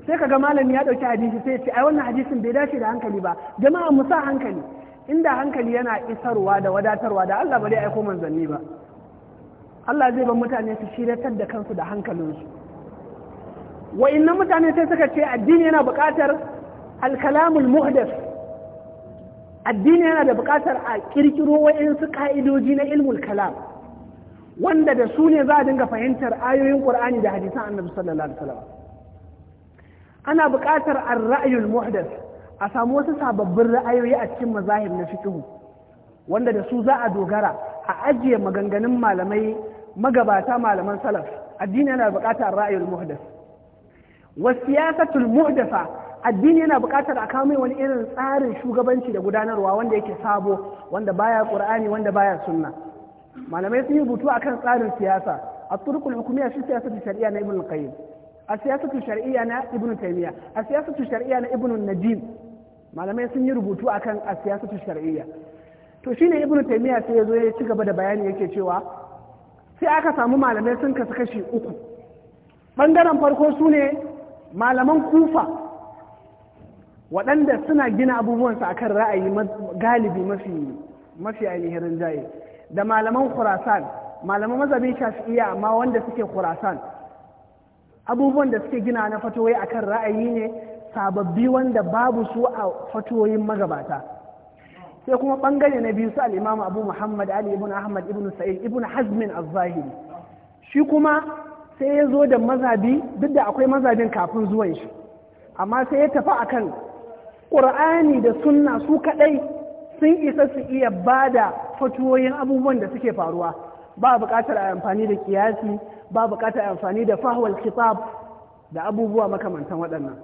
sai kaga malami ya dauki hadisi sai ce ai wannan hadisin bai dace da hankali ba jama'a mu sa hankali inda hankali yana isarwa da wadatarwa da Allah ba zai aiko manzanni ba Allah zai bar mutane su shiratar da kansu da hankalinsu wa'annan mutane sai suka ce addini yana buƙatar alkalamul muhdas addini yana da buƙatar a kirkiro wa'ansu ka'idoji na ilmul kalam wanda da su ne za a dinga fahimtar ayoyin qur'ani da hadisan annabi sallallahu alaihi wasallam ana buƙatar ar-ra'yul muhdas a samu wasu sababbin ra'ayoyi a cikin mazahib na fiqh wanda da su za a dogara a ajiye maganganun malamai magabata malaman salaf addini yana buƙatar ra'ayul muhdath wa siyasatul muhdatha addini yana buƙatar a kawo wani irin tsarin shugabanci da gudanarwa wanda yake sabo wanda baya qur'ani wanda baya sunna malamai sun yi rubutu akan tsarin siyasa a turkul hukumiya shi ta shari'a na ibn qayyim a siyasa ta shari'a na ibn taymiya a siyasa ta shari'a na ibn najim malamai sun yi rubutu akan a siyasa ta shari'a to shine ibn taymiya sai ya zo ya ci gaba da bayani yake cewa sai aka samu malamai sun kasu kashi uku bangaren farko su ne malaman kufa waɗanda suna gina abubuwansa akan ra'ayi galibi mafi mafi ainihin rinjaye da malaman khurasan malaman mazhabin shafi'iyya amma wanda suke khurasan abubuwan da suke gina na fatoyi akan ra'ayi ne sababbi wanda babu su a fatoyin magabata sai kuma bangare na biyu su al-imam abu muhammad ali ibn ahmad ibn sa'id ibn hazmin az-zahiri shi kuma sai ya zo da mazhabi duk da akwai mazhabin kafin zuwan shi amma sai ya tafi akan qur'ani da sunna su kadai sun isa su iya bada fatuwoyin abubuwan da suke faruwa ba buƙatar a amfani da kiyasi ba buƙatar a amfani da fahwal kitab da abubuwa makamantan waɗannan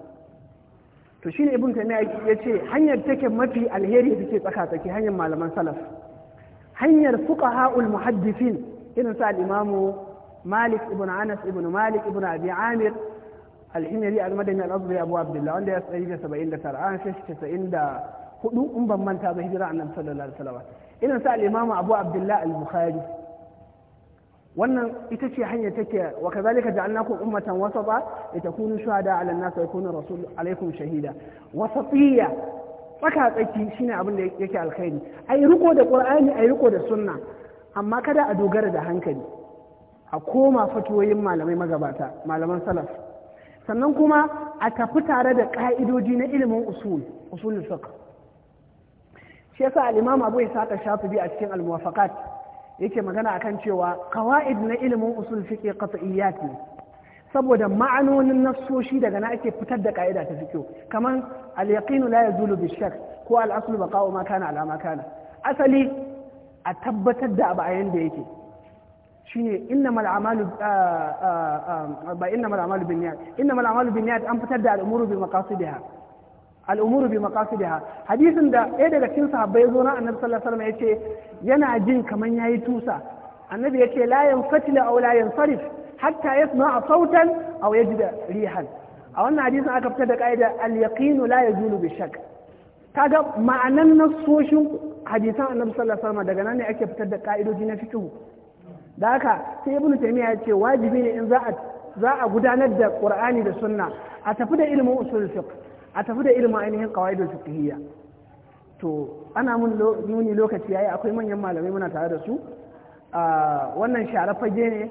to shine ibn tamiya ya ce hanyar take mafi alheri take tsaka tsaki hanyar malaman salaf hanyar fuqaha'ul muhaddisin irin sa al-imamu malik ibn anas ibn malik ibn abi amir al alhimari al-madani al-azri abu abdullah wanda ya tsayi da 79 an shi 94 in ban manta ba hijira annabi sallallahu alaihi wasallam irin sa al-imamu abu abdullahi al-bukhari wannan ita ce hanya take wa kazalika ja'alnakum ummatan wasata litakunu shuhada 'ala an-nas wa yakuna rasul 'alaykum shahida wasatiya tsaka tsaki shine abin da yake alkhairi ai riko da qur'ani ai riko da sunna amma kada a dogara da hankali a koma fatoyin malamai magabata malaman salaf sannan kuma a tafi tare da ka'idoji na ilimin usul usulul fiqh shi yasa al-imam Abu shafi Shafi'i a cikin al-Muwafaqat yake magana akan cewa qawaid na ilimin usul fiqh qat'iyyat ne saboda ma'anonin nafsoshi daga na ake fitar da ka'ida ta fiqh kaman al-yaqinu la yazulu bi-shakk ko al-aslu baqa'u ma kana ala ma kana asali a tabbatar da abu a yanda yake shine innamal a'malu ba innamal a'malu binniyat innamal a'malu binniyat an fitar da al-umuru bi maqasidiha al'umuru bi maqasidiha hadisin da ɗaya daga cikin sahabbai zo na annabi sallallahu alaihi wasallam yace yana jin kaman yayi tusa annabi yace la yanfatila aw la yansarif hatta yasma'a sautan aw yajida rihan a wannan hadisin aka fitar da kaida al yaqinu la yazulu bi shakk kaga ma'anan nasoshin hadisan annabi sallallahu alaihi wasallam daga nan ne ake fitar da ka'idoji na fiqh da haka sai ibnu taymiya yace wajibi ne in za a za a gudanar da qur'ani da sunna a tafi da ilimin usul fiqh a tafi da ilimin ainihin qawaidul fiqhiyya to ana mun nuni lokaci yayi akwai manyan malamai muna tare da su a wannan share fage ne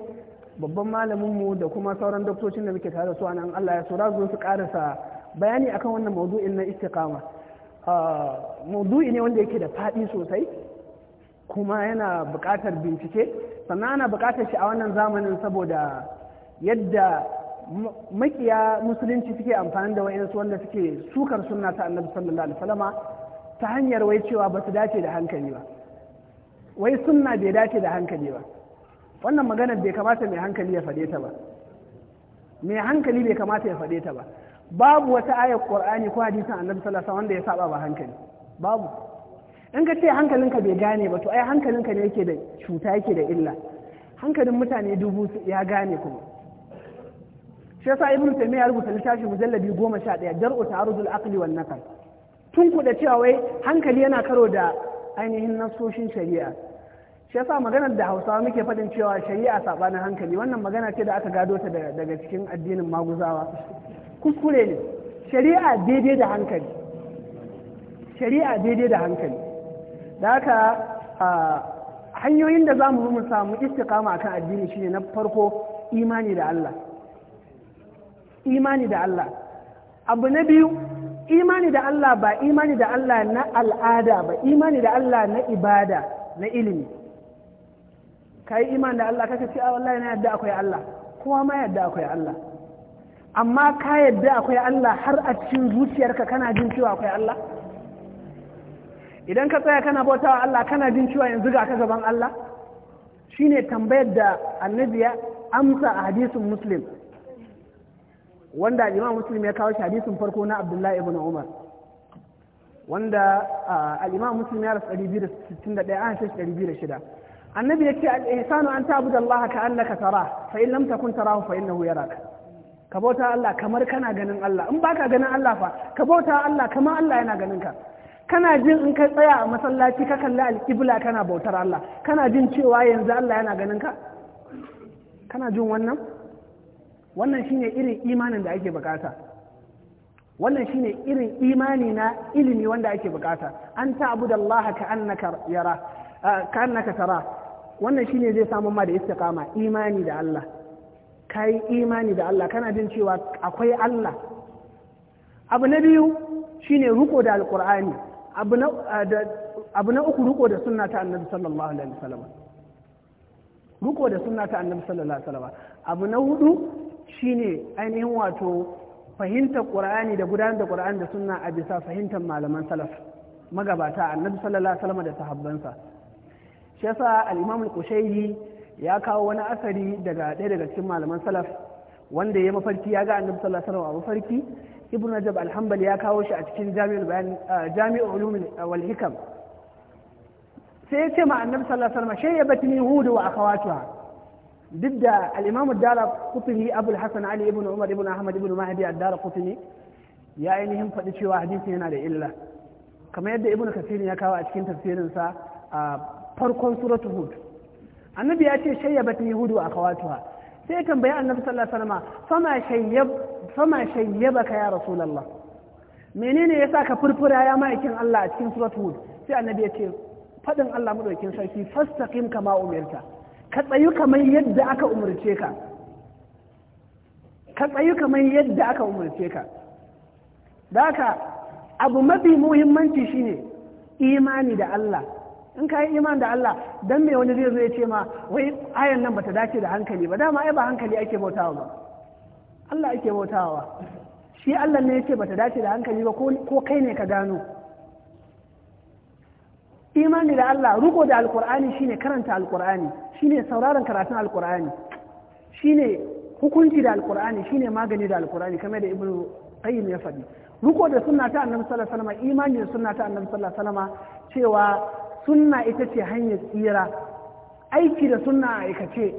babban malamin mu da kuma sauran doktocin da muke tare da su a an Allah ya so za su karasa bayani akan wannan maudu'in na istiqama maudu'i ne wanda yake da fadi sosai kuma yana buƙatar bincike sannan ana buƙatar shi a wannan zamanin saboda yadda makiya musulunci suke amfani da wayansu wanda suke sukar sunna ta annabi sallallahu alaihi wasallama ta hanyar wai cewa ba su dace da hankali ba wai sunna bai dace da hankali ba wannan magana bai kamata mai hankali ya faɗe ta ba mai hankali bai kamata ya faɗe ta ba babu wata ayar qur'ani ko hadisin annabi sallallahu alaihi wanda ya saba ba hankali babu in ka ce hankalinka bai gane ba to ai hankalinka ne yake da cuta yake da illa hankalin mutane dubu ya gane kuma shi yasa ibnu taymiya ya rubuta littafi mujallabi 11 jar'u ta'arudul aqli wan naql tun ku da cewa wai hankali yana karo da ainihin nasoshin shari'a shi yasa maganar da hausawa muke faɗin cewa shari'a saɓanin hankali wannan magana ce da aka gado ta daga cikin addinin maguzawa kuskure ne shari'a daidai da hankali shari'a daidai da hankali da haka hanyoyin da za mu mu samu istiqama akan addini shine na farko imani da Allah imani da Allah abu na biyu imani da Allah ba imani da Allah na al'ada ba imani da Allah na ibada na ilimi ka yi imani da Allah ka ce a ah, wallahi na yadda akwai Allah kuma ma yadda akwai Allah amma ka yadda akwai Allah har a cikin zuciyarka kana jin cewa akwai Allah idan ka tsaya kana bautawa Allah kana jin cewa yanzu ga ka gaban Allah shine tambayar da annabi ya amsa a hadisin muslim wanda imam muslim ya kawo hadisin farko na abdullahi ibn umar wanda al-imam muslim ya rasu 261 an shi 206 annabi ya ce al-ihsanu an da Allah ka annaka tara fa in lam takun tarahu fa innahu yaraka ka bauta Allah kamar kana ganin Allah in baka ganin Allah fa ka bauta Allah kamar Allah yana ganin ka kana jin in ka tsaya a masallaci ka kalli al-qibla kana bautar Allah kana jin cewa yanzu Allah yana ganin ka kana jin wannan wannan shine irin imanin da ake bukata wannan shine irin imani na ilimi wanda ake bukata an ta'budu Allah ka annaka yara ka annaka tara wannan shine zai samu ma da istiqama imani da Allah kai imani da Allah kana jin cewa akwai Allah abu na biyu shine ruko da alqur'ani abu na abu na uku ruko da sunna ta annabi sallallahu alaihi wasallam ruko da sunna ta annabi sallallahu alaihi wasallam abu na hudu Shi shine ainihin wato fahimtar qur'ani da gudanar da qur'ani da sunna a bisa fahimtar malaman salaf magabata annabi sallallahu alaihi wasallam da sahabbansa shi yasa al-imam al ya kawo wani asari daga ɗaya daga cikin malaman salaf wanda ya mafarki ya ga annabi sallallahu alaihi wasallam a mafarki ibn najab al-hanbali ya kawo shi a cikin jami'ul bayan jami'ul ulum sai ya ce ma annabi sallallahu alaihi wasallam shayyabati hudu wa akhawatuha duk da al'imamu dara kutuni abul hasan ali ibn umar ibn ahmad ibn mahdi ad-dara ne, ya ainihin faɗi cewa hadisin yana da illa kamar yadda ibn kasir ya kawo a cikin tafsirinsa a farkon suratul hud annabi ya ce shayyabat hudu a kawatuwa sai tambayi annabi sallallahu alaihi wasallam fama shayyab fama shayyabaka ya rasulullah menene yasa ka furfura ya ma'aikin Allah a cikin suratul hud sai annabi ya ce faɗin Allah madaukin sarki fastaqim kama umirta ka tsayu kamar yadda aka umarce ka ka tsayu kamar yadda aka umarce ka da haka abu mafi muhimmanci shine imani da Allah in ka yi imani da Allah dan me wani zai zo ya ce ma wai ayan nan bata dace da hankali ba dama ai ba hankali ake bautawa ba Allah ake bautawa shi Allah ne ya bata dace da hankali ba ko kai ne ka gano imani da Allah ruko da alkur'ani shine karanta alkur'ani shine sauraron karatun alkur'ani shine hukunci da alkur'ani shine magani da alkur'ani kamar da ibnu qayyim ya faɗi ruko da sunna ta annabi sallallahu alaihi wasallam imani da sunna ta annabi sallallahu alaihi wasallam cewa sunna ita ce hanyar tsira aiki da sunna a aikace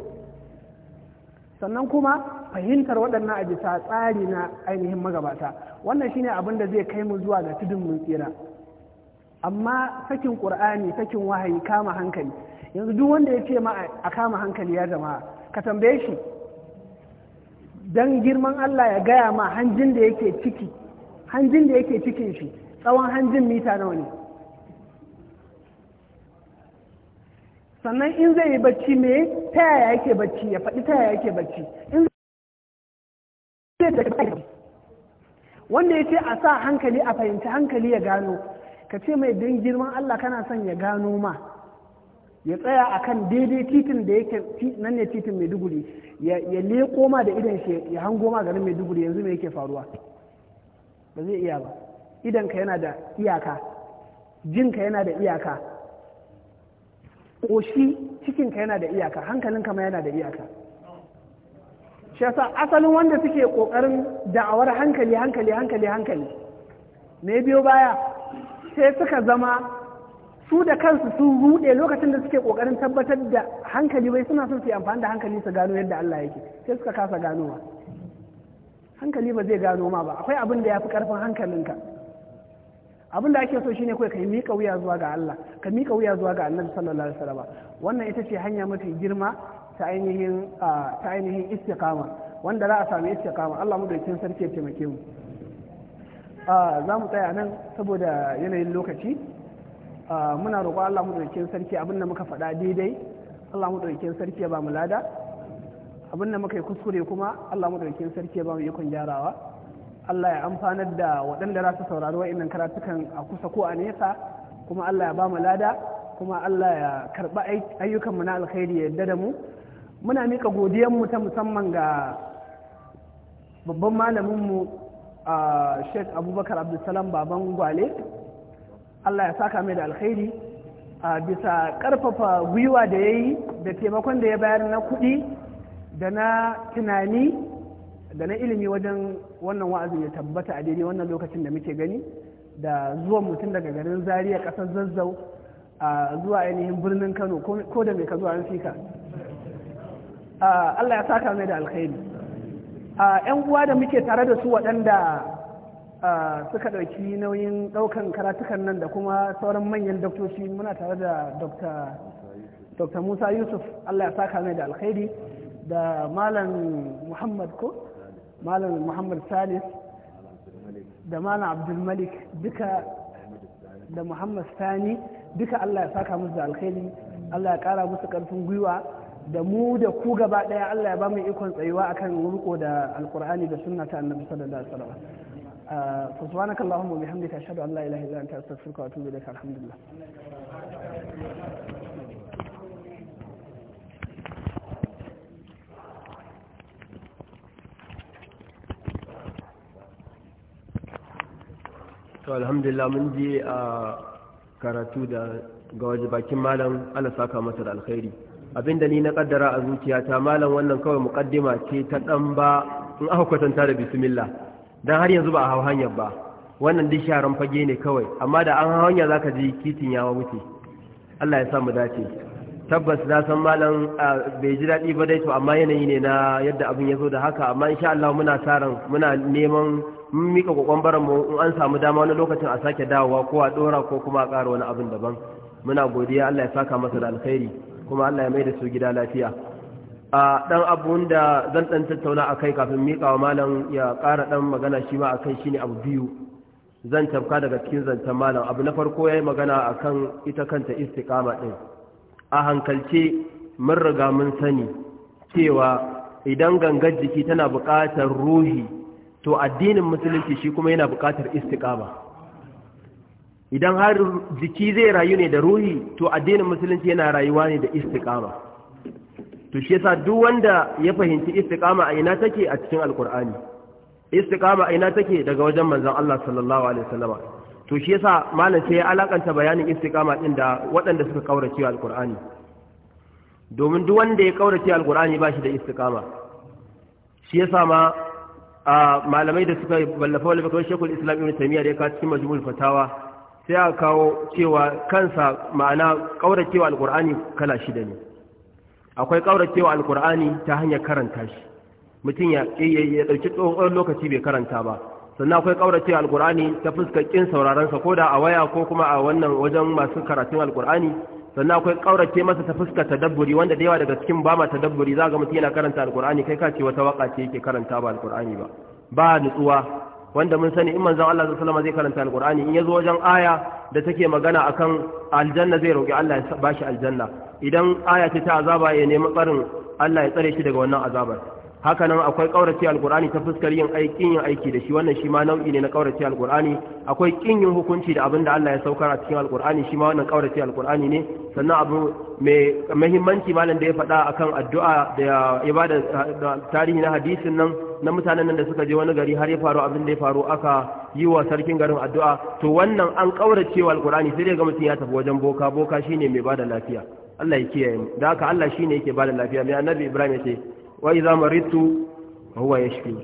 sannan kuma fahimtar waɗannan a bisa tsari na ainihin magabata wannan shine abin da zai kai mu zuwa ga tudun mun tsira amma sakin ƙur'ani sakin wahayi kama hankali yanzu duk wanda ya ce ma a kama hankali ya zama ka tambaye shi don girman Allah ya gaya ma hanjin da yake ciki hanjin da yake cikin shi tsawon hanjin mita nawa ne sannan in zai yi bacci me ta yaya yake bacci ya faɗi ta yaya yake bacci in zai wanda ya ce a sa hankali a fahimci hankali ya gano ka ce mai don girman Allah kana son ya gano ma ya tsaya a kan daidai titin da yake nan ne titin mai duguri ya leko ma da idan shi ya hango ma garin duguri yanzu mai yake faruwa ba zai iya ba idan ka yana da iyaka jinka yana da iyaka ƙoshi cikinka yana da iyaka hankalinka ma yana da iyaka shi yasa asalin wanda suke ƙoƙarin da'awar hankali hankali hankali hankali ne biyo baya sai suka zama su da kansu sun rude lokacin da suke kokarin tabbatar da hankali bai suna son su yi amfani da hankali su gano yadda Allah yake sai suka kasa ganowa hankali ba zai gano ma ba akwai abin da ya fi karfin hankalinka abin da ake so shine kai ka miƙa wuya zuwa ga Allah ka mika wuya zuwa ga Annabi sallallahu alaihi wasallam wannan ita ce hanya mafi girma ta ainihin ah, ta ainihin istiqama wanda za a samu istiqama Allah mu sarki ya taimake mu za mu tsaya nan saboda yanayin lokaci muna roƙon Allah mu ɗaukin sarki abinda muka faɗa daidai Allah mu ɗaukin sarki ya ba mu lada abin muka yi kuskure kuma Allah mu ɗaukin sarki ya ba mu ikon gyarawa Allah ya amfanar da waɗanda za su saurari wa'innan karatukan a kusa ko a nesa kuma Allah ya ba mu lada kuma Allah ya karɓi mu na alkhairi ya yarda da mu muna mika mu ta musamman ga babban malamin mu. sheikh abubakar abdulsalam baban gwale allah ya saka mai da alkhairi bisa karfafa gwiwa da ya yi da taimakon da ya bayar na kuɗi da na tunani da na ilimi wajen wannan wa'azin ya tabbata a daidai wannan lokacin da muke gani da zuwan mutum daga garin zaria ƙasar zazzau zuwa ainihin birnin kano ko da mai ka zuwa an fika allah ya saka mai da alkhairi 'yan uwa da muke tare da su waɗanda suka ɗauki nauyin ɗaukan karatukan nan da kuma sauran manyan doktoci muna tare da dr musa yusuf allah ya saka mai da alkhairi da malam muhammad ko malam muhammad salis da malam abdulmalik duka da muhammad sani duka allah ya saka musu da alkhairi allah ya kara musu karfin gwiwa da mu da ku gaba daya Allah ya ba mu ikon tsayuwa akan riko da alkur'ani da sunna ta annabi sallallahu alaihi wasallam fa ah, subhanaka allahumma wa bihamdika ashhadu an la ilaha illa anta astaghfiruka wa atubu ilaik alhamdulillah to alhamdulillah mun je a ah, karatu da ga waje bakin malam Allah saka masa da alkhairi Abin da ni na kaddara a zuciyata malam wannan kawai muqaddima ce ta dan ba in aka kwatanta da bismillah dan har yanzu ba a hau hanyar ba wannan duk sharan fage ne kawai amma da an hau hanya zaka ji kitin ya wuce Allah ya sa mu dace tabbas na san malam bai ji daɗi ba dai to amma yanayi ne na yadda abin ya zo da haka amma insha Allah muna saran muna neman mika kokon baran mu in an samu dama wani lokacin a sake dawowa ko a dora ko kuma a ƙara wani abin daban muna godiya Allah ya saka masa da alkhairi kuma Allah ya mai da su gida lafiya a dan abun da zan dan tattauna akai kafin miƙa wa malam ya ƙara ɗan magana shi ma akan shine abu biyu zan tafka daga cikin zantan malam abu na farko ya yayi magana akan ita kanta istiqama din a hankalce mun riga mun sani cewa idan gangar jiki tana buƙatar ruhi to addinin musulunci shi kuma yana buƙatar istiqama idan har jiki zai rayu ne da ruhi to addinin musulunci yana rayuwa ne da istiqama to shi yasa duk wanda ya fahimci istiqama a ina take a cikin alkur'ani istiqama a ina take daga wajen manzon Allah sallallahu alaihi wasallama to shi yasa malam sai ya alakanta bayanin istiqama din da waɗanda suka kaurace alkur'ani domin duk wanda ya kaurace alkur'ani ba shi da istiqama shi yasa ma malamai da suka ballafa wallafa bakar shekul islam ibn taymiya da ya ka cikin majmu'ul fatawa sai aka kawo cewa kansa ma'ana ƙauracewa Alƙur'ani kala shida ne akwai ƙauracewa Alƙur'ani ta hanyar karanta shi mutum ya ɗauki tsohon lokaci bai karanta ba sannan akwai ƙauracewa Alƙur'ani ta fuskar ƙin saurarensa ko da a waya ko kuma a wannan wajen masu karatun Alƙur'ani. sannan akwai ƙaurace masa ta fuskar tadabburi wanda da yawa daga cikin ba ma tadabburi za ga mutum yana karanta Alƙur'ani kai ka ce wata waƙa ce yake karanta ba Alƙur'ani ba ba nutsuwa wanda mun sani in manzon Allah sallallahu alaihi wasallam zai karanta alqur'ani in yazo wajen aya da take magana akan aljanna zai roki Allah ya bashi aljanna idan aya ce ta azaba ya nemi tsarin Allah ya tsare shi daga wannan azabar haka nan akwai kaurace alqur'ani ta fuskar yin aikin yin aiki da shi wannan shi ma nau'i ne na kaurace alqur'ani akwai kin yin hukunci da abinda Allah ya saukar a cikin alqur'ani shi ma wannan kaurace alqur'ani ne sannan abu mai muhimmanci malam da ya faɗa akan addu'a da ibada tarihi na hadisin nan na mutanen nan da suka je wani gari har ya faru abin da ya faru aka yi wa sarkin garin addu'a to wannan an kaurace cewa alqur'ani sai ga mutum ya tafi wajen boka boka shine mai bada lafiya Allah ya kiyaye mu da haka Allah shine yake bada lafiya mai annabi Ibrahim ya ce wa idza maritu huwa yashfi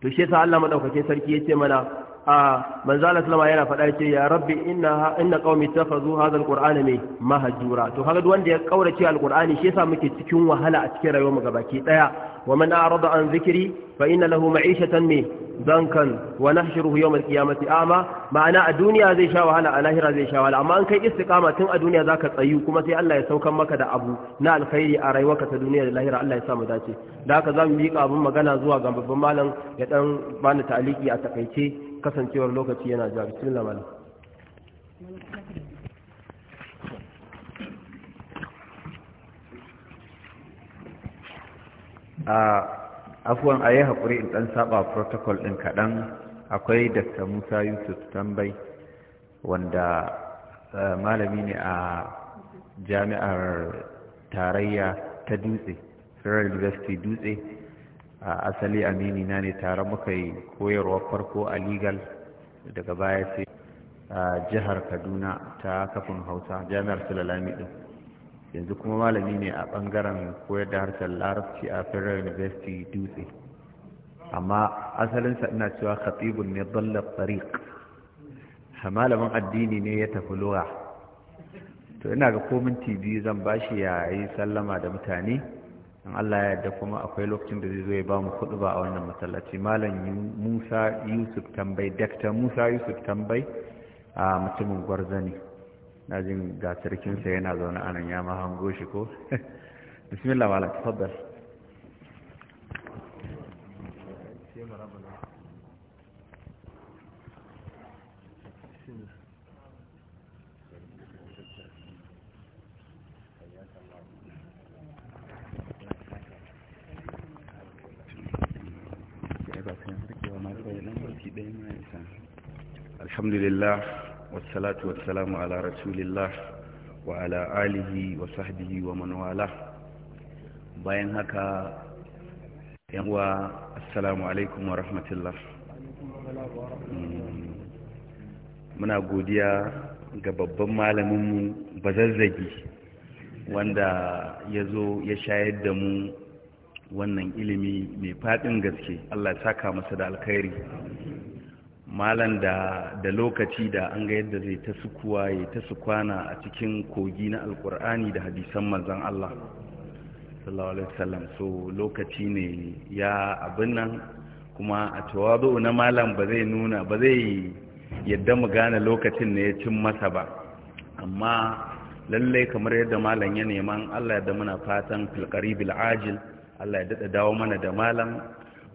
to shi yasa Allah madaukakin sarki yace mana a manzala yana faɗa ce ya rabbi inna inna qaumi tafazu hadha alqur'ana mai mahjura to kaga wanda ya kaurace alqur'ani shi yasa muke cikin wahala a cikin rayuwar mu gabaki daya wa man arada an zikri fa inna lahu ma'ishatan mai dankan wa nahshuruhu yawm alqiyamati ama ma'ana a duniya zai sha wahala a lahira zai sha wahala amma an kai istiqama tun a duniya zaka tsayu kuma sai Allah ya saukan maka da abu na alkhairi a rayuwarka ta duniya da lahira Allah ya sa mu dace da haka zamu yi abun magana zuwa ga babban malam ya dan bani ta'aliki a takaice kasancewar lokaci yana ja bismillah malam a afuwan ayi yi haƙuri in ɗan saba protocol ɗin kaɗan akwai dr musa yusuf tambai wanda eh, malami ne a jami'ar tarayya ta dutse federal university dutse a asali amini na ne tare muka yi koyarwar farko a legal daga baya sai a jihar kaduna ta kafin hausa jami'ar sulalami din yanzu kuma malami ne a bangaren koyar da harshen larabci a federal university dutse amma asalinsa ina cewa khatibun ne dalla tariq malamin addini ne ya tafi lura to ina ga komin TV biyu zan bashi ya yi sallama da mutane in Allah ya yarda kuma akwai lokacin da zai zo ya ba mu kudu ba a wannan masallaci malam Musa Yusuf Tambai Dr. Musa Yusuf Tambai a mutumin Gwarzani na jin ga sarkinsa yana zaune a nan ya ma hango shi ko bismillah malam tafaddal الحمد لله والصلاة والسلام rasulillah wa الله وعلى آله وصحبه ومن والاه bayan haka yanwa assalamu alaikum wa rahmatullah hmm. muna godiya ga babban malaminmu bazazzagi wanda ya zo ya shayar da mu wannan ilimi mai faɗin gaske Allah saka masa da alkhairi Malam da da lokaci da an ga yadda zai ta sukuwa ya ta sukwana a cikin kogi na alkur'ani da hadisan manzon Allah sallallahu alaihi wasallam so lokaci ne ya abin nan kuma a tawadu na malam ba zai nuna ba zai yadda mu gane lokacin ne ya cin masa ba amma lallai kamar yadda malam ya neman Allah ya da muna fatan fil bil ajil Allah ya dada dawo mana da malam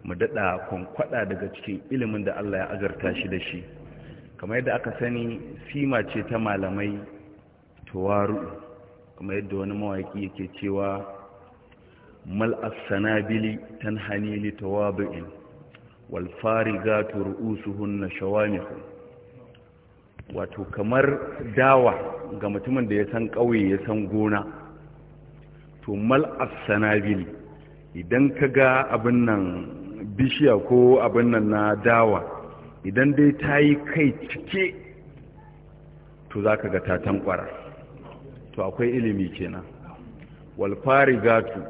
mu daɗa kwankwada daga cikin ilimin da Allah ya azarta shi da shi kamar yadda aka sani sima ce ta malamai tuwaru kamar yadda wani mawaƙi yake cewa mal'as sanabili tanhani li tawabu'in wal farigatu ru'usuhunna shawamihu wato kamar dawa ga mutumin da ya san ƙauye ya san gona to mal'as sanabili idan ka ga abin nan bishiya ko abin nan na dawa idan dai ta yi kai cike to za ka ga ta tankwara to akwai ilimi kenan walfari gatu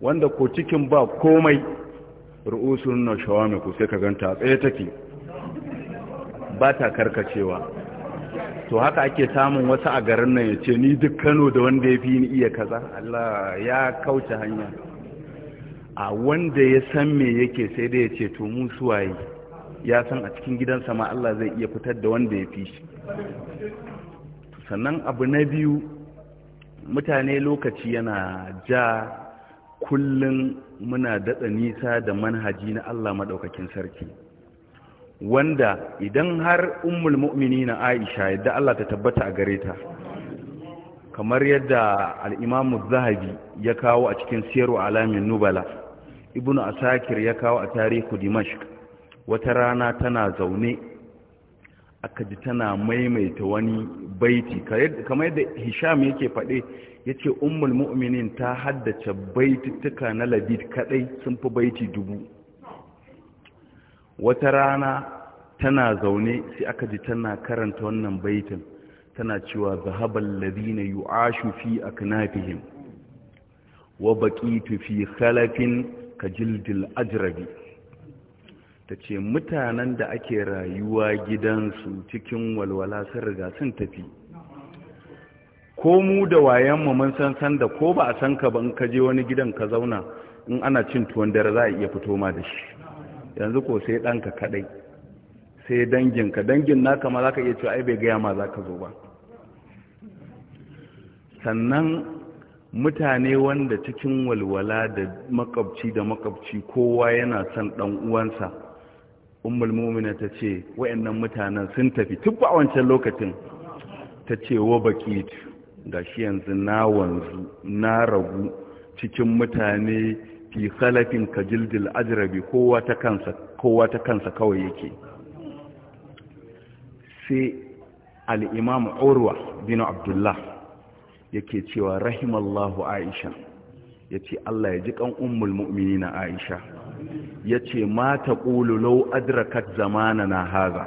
wanda ko cikin ba komai ru'usun na shawame ku sai ka ganta tsaye take ba ta karkacewa to haka ake samun wasu a garin nan ya ce ni duk kano da wanda ya fi ni iya kaza Allah ya kauce hanya a wanda ya san me yake sai dai ya ce to mu suwaye ya san a cikin gidansa ma Allah zai iya fitar da wanda ya fi shi sannan abu na biyu mutane lokaci yana ja kullum muna daɗa nisa da manhaji na Allah maɗaukakin sarki wanda idan har ummul mu'mini na aisha yadda Allah ta tabbata a gare ta kamar yadda al'imamu zahabi ya kawo a cikin siyarwa alamin nubala ibnu asakir ya kawo a tarihu dimashq wata rana tana zaune aka ji tana maimaita wani baiti kamar yadda hisham yake faɗe yace, ce ummul mu'minin ta haddace baitittuka na labid kadai sun fi baiti dubu wata rana tana zaune sai aka ji tana karanta wannan baitin tana cewa zahaban ladina yu'ashu fi aknafihim wa baƙi fi khalafin ka jildil ajrabi ta ce mutanen da ake rayuwa gidansu cikin walwala sun riga sun tafi ko mu da wayanmu mun san san da ko ba a san ka ba in ka je wani gidan ka zauna in ana cin tuwon dare za a iya fito ma da shi yanzu ko sai ɗanka kaɗai sai danginka dangin naka ma za ka iya cewa ai bai gaya ma za ka zo ba sannan mutane wanda cikin walwala da makabci da makabci kowa yana son ɗan uwansa ummul mumina ta ce wa'yannan mutanen sun tafi tubba a wancan lokacin ta ce wa baki ga shi yanzu na wanzu na ragu cikin mutane fi khalafin kajildil ajrabi kowa ta kansa kowa ta kansa kawai yake sai al-imam urwa bin abdullah yake cewa rahimallahu aisha ya ce Allah ya ji kan ummul mu'mini na aisha ya ce mata ƙululau adrakat zamana na haza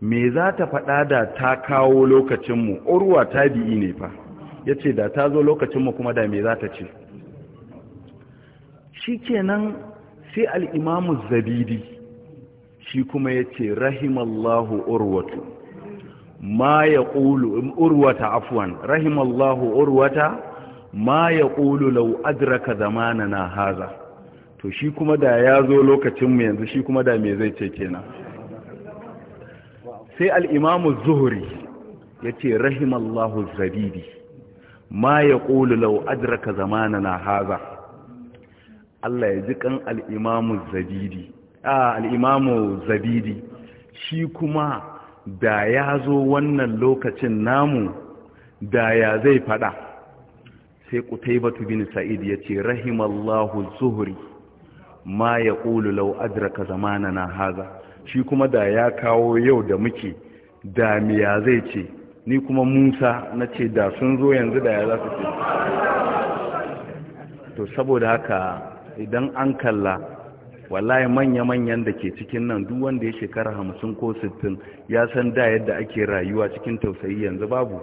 me za ta faɗa da ta kawo lokacinmu urwa ta biyi ne fa ya ce da ta zo lokacinmu kuma da me za ta ce shi kenan sai al'imamu zabidi shi kuma ya ce rahimallahu urwatu ma ya ƙulu um, urwata afuwan rahimallahu urwata ma ya ƙulu lau adraka zamana na haza to shi kuma da ya zo lokacinmu yanzu shi kuma da me zai ce kenan sai al'imamu zuhuri ya ce rahimallahu zabibi ma ya ƙulu lau adraka zamana na haza Allah ya ji kan al'imamu zabidi a zabidi shi kuma da ya zo wannan lokacin namu da ya zai fada sai qutaybatu bin sa'id ce, rahimallahu zuhuri ma ya ƙulu law zamana na haza shi kuma da ya kawo yau da muke da miya zai ce ni kuma Musa na ce da sun zo yanzu da ya za su ce to saboda haka idan an kalla wallahi manya-manyan da ke cikin nan duk wanda ya shekara hamsin ko sittin ya san da yadda ake rayuwa cikin tausayi yanzu babu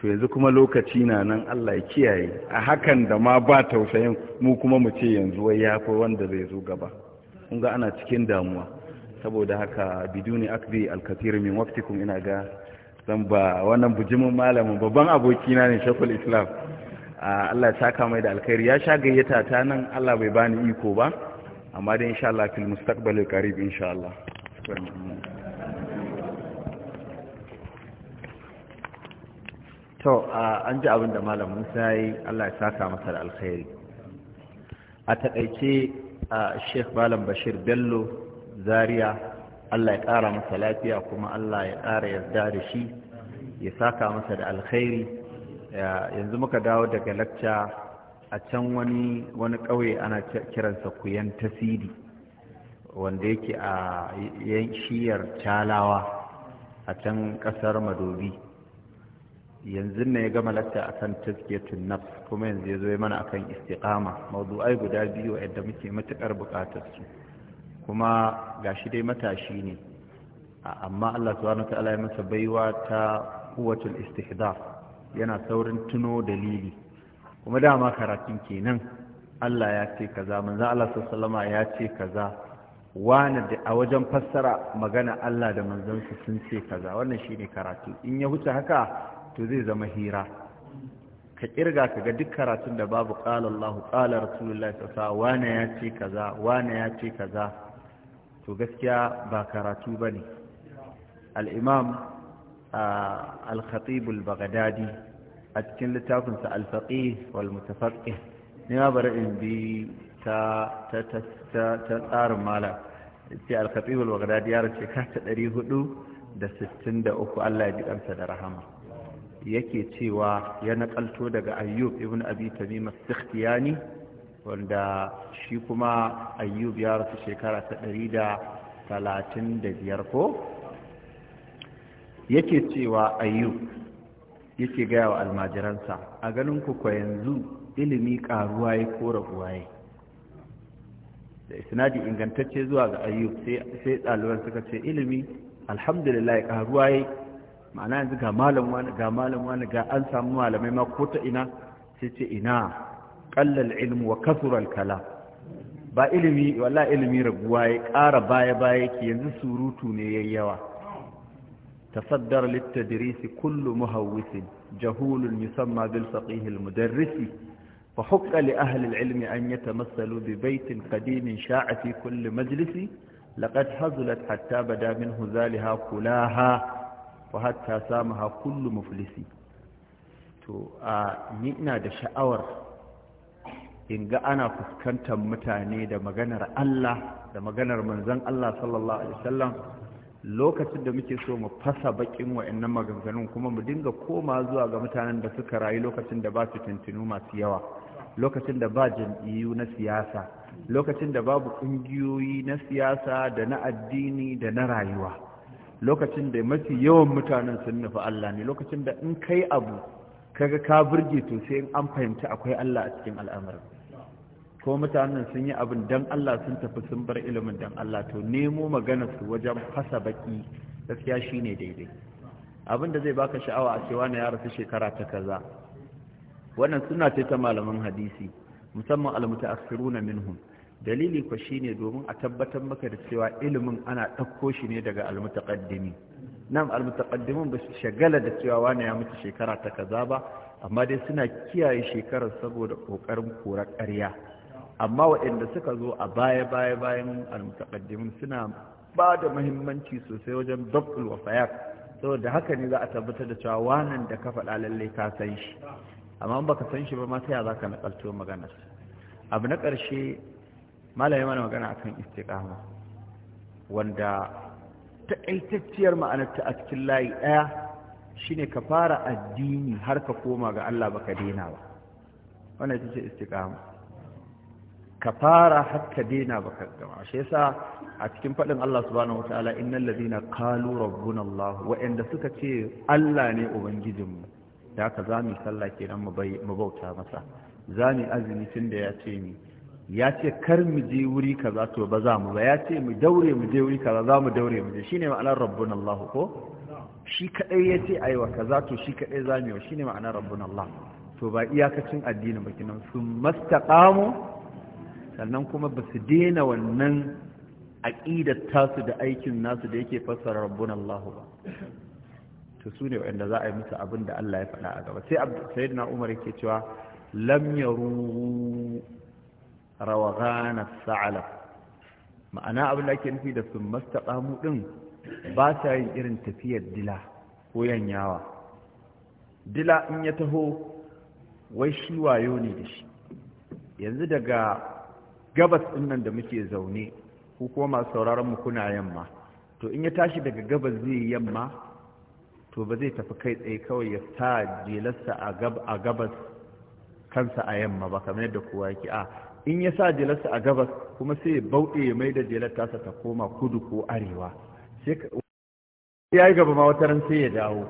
to yanzu kuma lokaci na nan Allah ya kiyaye a hakan da ma ba tausayin mu kuma mu ce yanzu wai ya fi wanda zai zo gaba kun ga ana cikin damuwa saboda haka biduni akbi alkathir min waqtikum ina ga zan ba wannan bujimin malamin babban abokina ne shakul islam Allah ya saka mai da alkhairi ya sha gayyata ta nan Allah bai bani iko ba amma dai insha Allah fil mustaqbal qarib insha Allah to an ji abinda da malam Musa yi Allah ya saka masa da alkhairi a takaice Sheikh Malam Bashir Bello Zaria Allah ya kara masa lafiya kuma Allah ya ƙara yarda da shi ya saka masa da alkhairi yanzu muka dawo daga lacca a can wani wani ƙauye ana kiransa kuyan tasiri wanda yake a yan shiyar calawa a can ƙasar madobi yanzu ne ya gama lacca akan tasketin naf kuma yanzu ya zo mana akan istiqama mawdu'ai guda biyu yadda muke matukar bukatar su kuma ga shi dai matashi ne amma Allah subhanahu wa ta'ala ya masa baiwa ta quwwatul istihdar yana saurin tuno dalili kuma dama karatun kenan Allah ya ce kaza manzo Allah sallama ya ce kaza wani a wajen fassara magana Allah da manzansu sun ce kaza wannan shine karatu in ya wuce haka to zai zama hira ka kirga ka ga duk karatun da babu qala Allah qala rasulullahi sallallahu wani ya ce kaza wani ya ce kaza to gaskiya ba karatu bane al-imam al-khatib a cikin littafinsa sa al-faqih wal ne ma bari in bi ta ta ta ta tsarin mala sai al-khatib al-baghdadi da sittin da ta Allah ya ji kansa da rahama yake cewa ya naƙalto daga ayyub Ibnu abi tamim as-sikhtiyani wanda shi kuma ayyub ya rasu shekara ta ɗari da da talatin biyar ko yake cewa ayyub yake gaya wa almajiransa a ganin ku yanzu ilimi karuwa ya kora da isnadi ingantacce zuwa ga ayyub sai ɗaliban suka ce ilimi alhamdulillah karuwa ya ma'ana yanzu ga malam wani ga malam wani ga an samu malamai ma ko ta ina sai ce ina kallal ilmu wa kasural kala ba ilimi wala ilimi raguwa ya ƙara baya baya ke yanzu surutu ne yayi yawa تصدر للتدريس كل مهوس جهول يسمى بالفقيه المدرس فحق لأهل العلم أن يتمثلوا ببيت قديم شاع في كل مجلس لقد هزلت حتى بدا منه ذالها كلاها وحتى سامها كل مفلس to a ni ina da sha'awar in ga ana fuskantar mutane da maganar Allah da maganar manzon Allah sallallahu alaihi wasallam lokacin da muke so mu fasa bakin wa'annan maganganun kuma mu dinga koma zuwa ga mutanen da suka rayu lokacin da ba su tuntunu masu yawa lokacin da ba jam'iyyu na siyasa lokacin da babu ƙungiyoyi na siyasa da na addini da na rayuwa lokacin da mafi yawan mutanen sun nufi Allah ne lokacin da in kai abu kaga ka burge to sai in an fahimci akwai Allah a cikin al'amarin ko mutanen sun yi abin dan Allah sun tafi sun bar ilimin dan Allah to nemo magana su wajen fasa baki gaskiya shine daidai abin da zai baka sha'awa a cewa na ya rasu shekara ta kaza wannan suna ce ta malaman hadisi musamman almutaakhiruna minhum dalili ko ne domin a tabbatar maka da cewa ilimin ana ɗauko shi ne daga almutaqaddimi nan almutaqaddimun ba su shagala da cewa wani ya mutu shekara ta kaza ba amma dai suna kiyaye shekarar saboda kokarin korar ƙarya amma waɗanda suka zo a baya baya bayan almutaqaddimin suna ba da muhimmanci sosai wajen dabtul wafayat saboda haka ne za a tabbatar da cewa wannan da ka faɗa lallai ka san shi amma in baka san shi ba ma ta za zaka nakalto magana abu na ƙarshe malami mana magana akan istiqama wanda ta ma'anar ta a cikin layi ɗaya shine ka fara addini har ka koma ga Allah baka daina ba wannan ita ce istiqama ka fara hakka dena baka gama shi yasa a cikin faɗin Allah subhanahu wataala innal ladina qalu rabbuna Allah wa'anda suka ce Allah ne ubangijinmu da haka zamu sallah kenan mu bauta masa zamu azumi tunda ya ce ni ya ce kar mu je wuri kaza to ba za mu ba ya ce mu daure mu je wuri kaza za mu daure mu je shine ma'anar rabbuna Allah ko shi kadai ya ce aiwa kaza to shi kadai mu yi shine ma'anar rabbuna Allah to ba iyakacin addini ba kinan sun mastaqamu sannan kuma ba su dena wannan aƙidar tasu da aikin nasu da yake fassara rabbun Allah ba to su ne wanda za a yi musu abin da Allah ya faɗa a gaba sai na Umar yake cewa lam yaru rawagana sa'ala ma'ana abin da ake nufi da sun mastaqamu din ba sa yin irin tafiyar dila ko yanyawa dila in ya taho wai shi wayo ne da shi yanzu daga gabas ɗin nan da muke zaune ko kuma masu sauraron mu kuna yamma to in ya tashi daga gabas zai yi yamma to ba zai tafi kai tsaye kawai ya sa jelarsa a gabas kansa a yamma ba kamar yadda kowa yake a in ya sa jelarsa a gabas kuma sai ya bauɗe ya mai da jelar tasa ta koma kudu ko arewa sai ya yi gaba ma wata ran sai ya dawo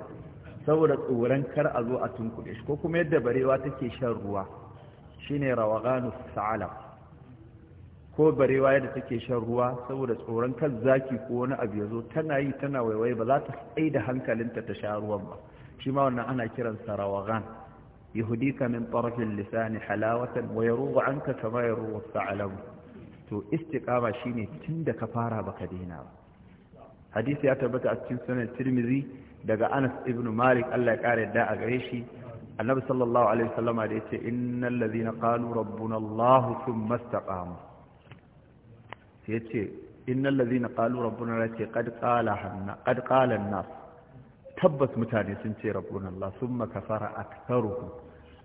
saboda tsoron kar a zo a tunkuɗe shi ko kuma yadda barewa take shan ruwa shine rawaganu sa'alam ko barewa yadda take shan ruwa saboda tsoron kan zaki ko wani abu ya zo tana yi tana waiwaye ba za ta tsaye da hankalinta ta sha ruwan ba shi ma wannan ana kiransa rawagan yahudika min tarfin lisani halawatan wa yarugu anka kama yarugu sa'alamu to istiqama shine tunda ka fara baka daina ba hadisi ya tabbata a cikin sunan tirmizi daga anas ibn malik allah ya kare da a gare shi annabi sallallahu alaihi wasallama da yace innal ladhina qalu rabbuna allah thumma istaqamu ya ce innan na ƙalu rabbunan ya ce ƙad nas tabbas mutane sun ce rabbuna Allah sun makafara a taruhu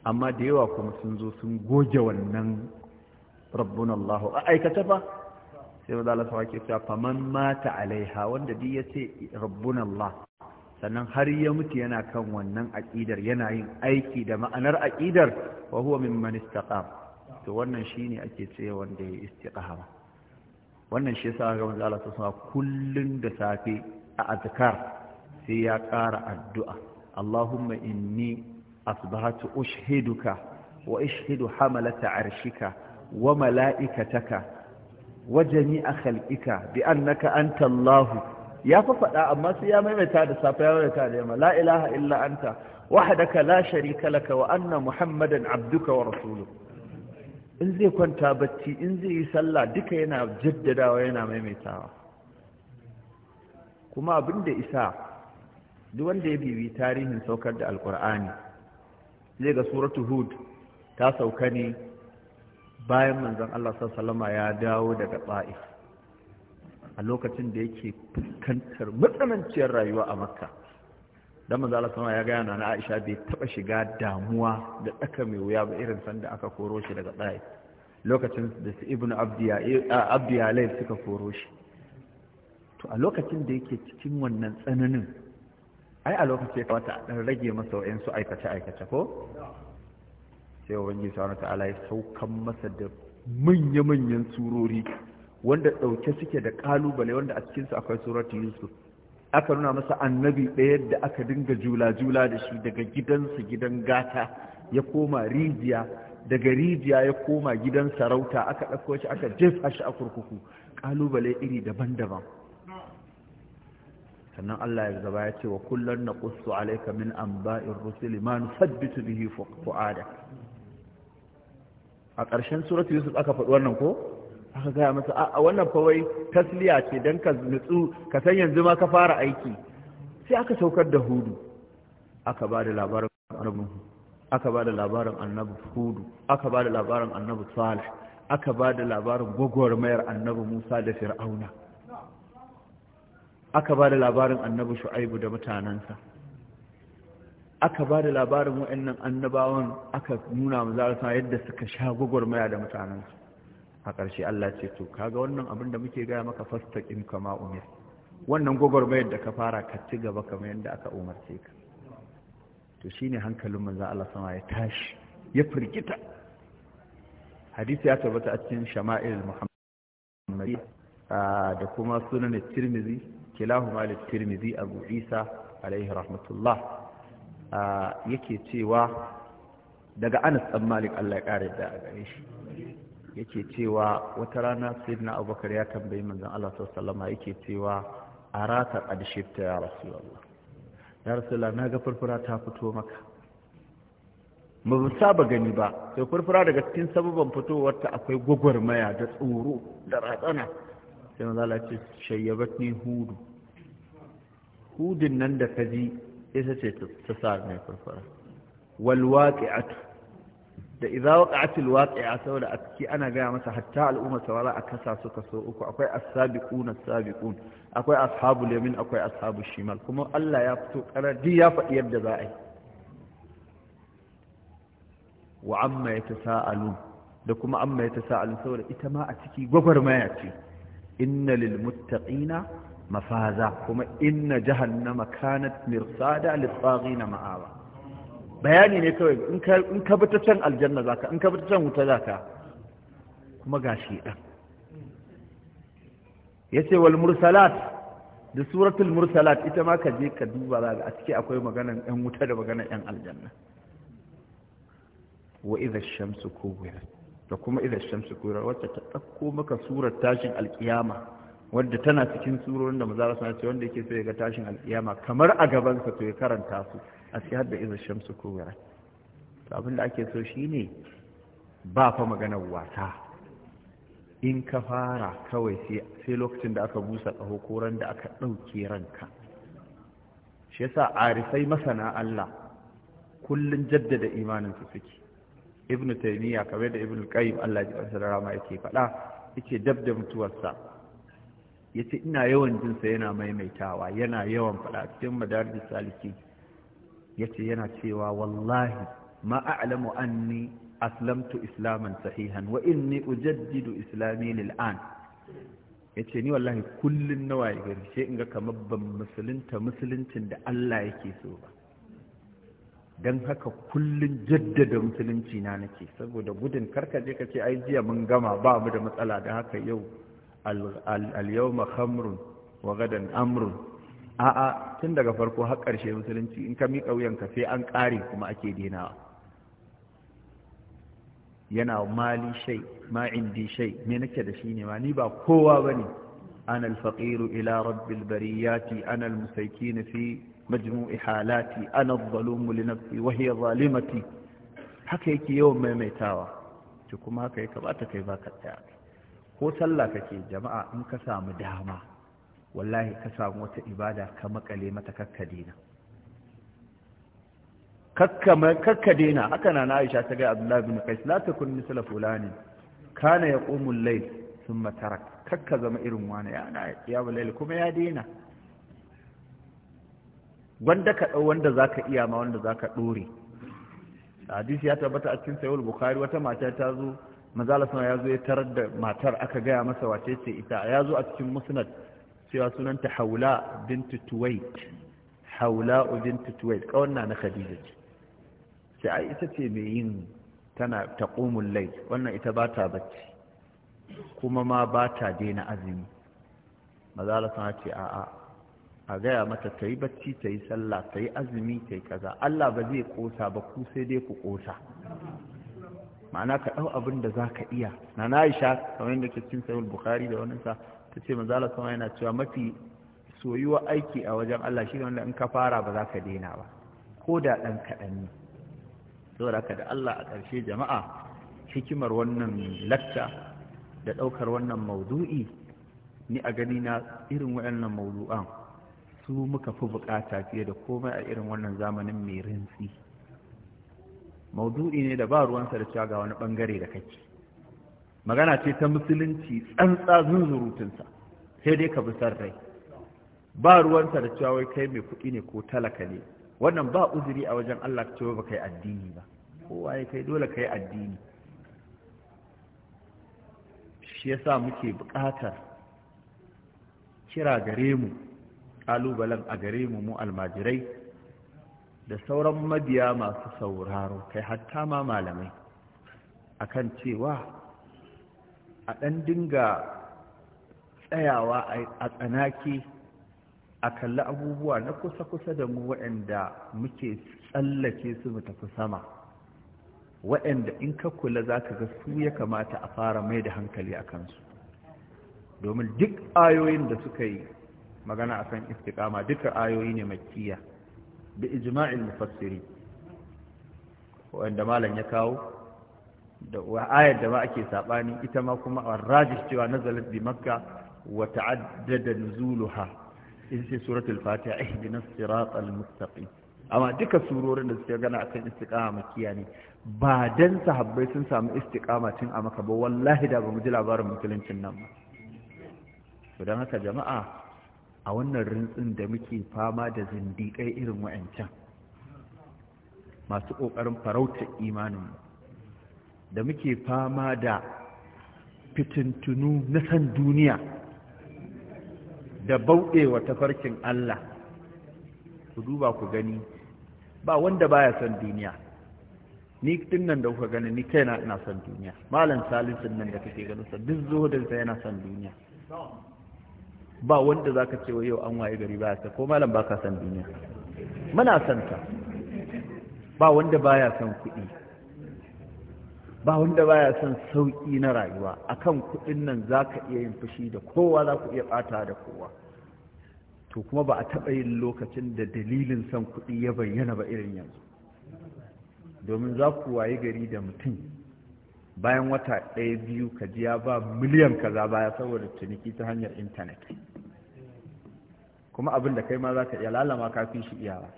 amma da yawa kuma sun zo sun goge wannan rabbuna Allah a aikata ba sai wa zala sawa ke cewa faman mata alaiha wanda duk ya ce rabbunan Allah sannan har ya mutu yana kan wannan aƙidar yana yin aiki da ma'anar aƙidar wa huwa mimman istaqam to wannan shine ake cewa wanda ya istiqama wannan shi yasa ga manzo Allah sallallahu alaihi kullun da safe a azkar sai ya ƙara addu'a Allahumma inni asbahatu ushhiduka wa ishhidu hamalata arshika wa mala'ikataka wa jami'a khalqika bi annaka anta Allah ya fa amma sai ya maimaita da safe ya maimaita da yamma la ilaha illa anta wahdaka la sharika laka wa anna muhammadan abduka wa rasuluka in zai kwanta bacci in zai yi sallah duka yana jaddadawa yana maimaitawa kuma abin da isa duk wanda ya bibi tarihin saukar da alkur'ani zai ga suratu hud ta sauka ne bayan manzon Allah sallama ya dawo daga bai a lokacin da yake fuskantar matsananciyar rayuwa a makka dan manzo Allah sama ya ga yana na Aisha bai taba shiga damuwa da tsaka mai wuya ba irin sanda aka koro shi daga tsaye lokacin da su ibnu abdiya eh, abdiya lai suka koro shi to a lokacin da yake cikin wannan tsananin ai a lokacin ya kamata a dan rage masa wayan su aikace aikace ko sai ubangiji subhanahu ala ya saukan masa da manya manyan surori wanda dauke suke da kalubale wanda a cikin su akwai suratul yusuf aka nuna masa annabi ɗaya da aka dinga jula-jula da shi daga gidansa gidan gata ya koma rijiya daga rijiya ya koma gidan sarauta aka ɗauko shi aka jefa shi a kurkuku ƙalubale iri daban-daban sannan Allah ya zaba ya ce wa kullum na ƙusu alaika min an ba'in rusuli ma su bihi fu'ada a ƙarshen suratu yusuf aka faɗi wannan ko aka gaya masa a wannan fawai tasliya ce don ka nutsu ka san yanzu ma ka fara aiki sai aka saukar da hudu aka ba da labarin annabin aka ba da labarin annabi hudu aka ba da labarin annabi salih aka ba da labarin gwagwarmayar annabi musa da fir'auna aka ba da labarin annabi shu'aibu da mutanensa aka ba da labarin wa'annan annabawan aka nuna mu mazarasa yadda suka sha gwagwarmaya da mutanensu a ƙarshe Allah ce to kaga wannan abin da muke gaya maka fastaqim kama umir wannan gogormayar da ka fara ka ci gaba kamar yadda aka umarce ka to shine hankalin manzo Allah sama ya tashi ya firgita hadisi ya tabbata a cikin shama'il Muhammad da kuma sunan tirmizi mal tirmizi abu isa alaihi rahmatullah yake cewa daga anas dan malik Allah ya kare da gare shi yake cewa wata rana sayyidina abubakar ya tambayi manzan Allah sau salama yake cewa arata qad shifta ya Allah ya rasu Allah na ga furfura ta fito maka ba mu saba gani ba sai furfura daga cikin sababan fitowar ta akwai gwagwarmaya da tsoro da ratsana sai manzon Allah ce shayyabat shayyabatni hudu hudun nan da kaji ita ce ta sa mai furfura wal da iza waqa'atil waqi'a saboda a ciki ana gaya masa hatta al'umma sawara a kasa su kaso uku akwai as-sabiquna as-sabiqun akwai ashabul yamin akwai ashabul shimal kuma Allah ya fito karadi ya faɗi yadda za a yi wa amma yatasaalu da kuma amma yatasaalu saboda ita ma a ciki gwagwarmaya ce inna lil muttaqina mafaza kuma inna jahannama kanat mirsada lit-taghina ma'aba. bayani ne kawai in ka bata can aljanna za ka in ka bata can wuta za ka kuma ga shi ɗan ya ce wal mursalat da suratul mursalat ita ma ka je ka duba za a ciki akwai maganan ɗan wuta da maganan ɗan aljanna wa idha shamsu kuwirat da kuma idha shamsu kuwirat wacce ta ɗauko maka surar tashin alƙiyama wadda tana cikin surorin da mazara suna ce wanda yake so ga tashin al'iyama, kamar a gabansa to ya karanta su a siya hadda izar shamsu kubra to abin da ake so shi ne ba fa maganar wasa in ka fara kawai sai lokacin da aka busa ƙaho ko ran da aka ɗauke ranka shi yasa arifai masana Allah kullun jaddada imaninsu suke ibnu taymiya kamar da ibnu qayyim Allah ya ji da rama yake faɗa yake dab da mutuwarsa ya ce ina yawan jinsa yana maimaitawa yana yawan fada cikin madarajin saliki ya ce yana cewa wallahi ma a'lamu anni aslamtu islaman sahihan wa inni ujaddidu islami lil'an ya ce ni wallahi kullun na waye gari sai in ga kamar ban musulunta musuluncin da Allah yake so ba don haka kullum jaddada musulunci na nake saboda gudun karkaje ka ce ai jiya mun gama ba mu da matsala da haka yau اليوم خمر وغدا امر gadan amrun a'a tun daga farko har ƙarshe musulunci in ka miƙa wuyanka sai an ƙare kuma ake dinawa yana mali shai ma indi shai me nake da shi ne ma ni ba kowa bane ana al-faqiru ila rabbil bariyati ana al-musaykin fi majmu'i halati ana adh-dhalumu li nafsi wa hiya zalimati haka yake yawan maimaitawa to kuma haka yake ba ta kai ba ka tsaya ko sallah kake jama'a in ka samu dama wallahi ka samu wata ibada ka makale mata kakkadina kakkadina haka na Aisha ta ga Abdullahi bin Qais la takun misla fulani kana yaqumu al-layl thumma tarak kakka zama irin wani ya na ya walayl kuma ya dina wanda ka dau wanda zaka iya ma wanda zaka dore hadisi ya tabbata a cikin sahih al-bukhari wata mata ta zo mazala sama ya zo ya tarar da matar aka gaya masa wace ce ita ya zo a cikin musnad cewa sunanta haula bintu tuwait haula bintu tuwait kawanna na khadija ce sai ai ita ce mai yin tana taqumul layl wannan ita ba ta bacci kuma ma ba ta daina azumi manzala sama ce a'a a gaya mata tayi bacci tayi sallah tayi azumi tayi kaza Allah ba zai kosa ba ku sai dai ku kosa ma'ana ka ɗau abin da za ka iya na na isha kamar yadda ke cin sayul bukari da wani sa ta ce mazala sama yana cewa mafi soyuwa aiki a wajen allah shi wanda in ka fara ba za ka daina ba ko da ɗan kaɗan ne saboda ka da allah a ƙarshe jama'a hikimar wannan lacca da ɗaukar wannan maudu'i ni a gani na irin waɗannan maudu'an su muka fi buƙata fiye da komai a irin wannan zamanin mai rintsi maudu'i ne da ba ruwansa da cewa ga wani bangare da kake magana ce ta musulunci tsantsa zunzurutunsa sai dai ka bi san rai ba ruwansa da cewa wai kai mai kuɗi ne ko talaka ne wannan ba uzuri a wajen Allah cewa ba kai addini ba kowa ya kai dole kai addini shi yasa muke buƙatar kira gare mu ƙalubalen a gare mu mu almajirai da sauran mabiya masu sauraro kai hatta ma malamai akan cewa a ɗan dinga tsayawa a tsanaki a kalli abubuwa na kusa-kusa da mu waɗanda muke tsallake su mu tafi sama waɗanda in ka kula za ka ga su ya kamata a fara mai da hankali a kansu domin duk ayoyin da suka yi magana a akan istiƙama duka ayoyi ne makiya bi ijma'il mufassiri wanda malam ya kawo da ayar da ma ake sabani ita ma kuma ar-rajih cewa nazalat bi makka wa ta'addada nuzuluha in sai suratul fatiha ihdinas siratal mustaqim amma duka surorin da suke gana akan istiqama makiya ne ba dan sahabbai sun samu istiqama tun a maka ba wallahi da ba mu ji labarin musuluncin nan ba to dan haka jama'a a wannan rintsin da muke fama da zindiƙai irin wayancan, masu ƙoƙarin farautar imaninmu da muke fama da fitintunu na san duniya da bauɗewa tafarkin Allah ku duba ku gani ba wanda baya san duniya ni nan da kuka gani ni kai ina san duniya malam salisun nan da kake ganin sa duk da yana san duniya ba wanda za ka cewa yau an waye gari ba ta ko malam ba ka san duniya muna san ta ba wanda ba ya san kuɗi ba wanda ba ya san sauƙi na rayuwa akan kuɗin nan za ka iya yin fushi da kowa za ku iya ɓata da kowa to kuma ba a taɓa yin lokacin da dalilin san kuɗi ya bayyana ba irin yanzu domin za ku waye gari da mutum bayan wata ɗaya biyu ka ji ya ba miliyan kaza baya saboda ciniki ta hanyar intanet kuma abin da kai ma za ka iya lalama kafin shi iyawa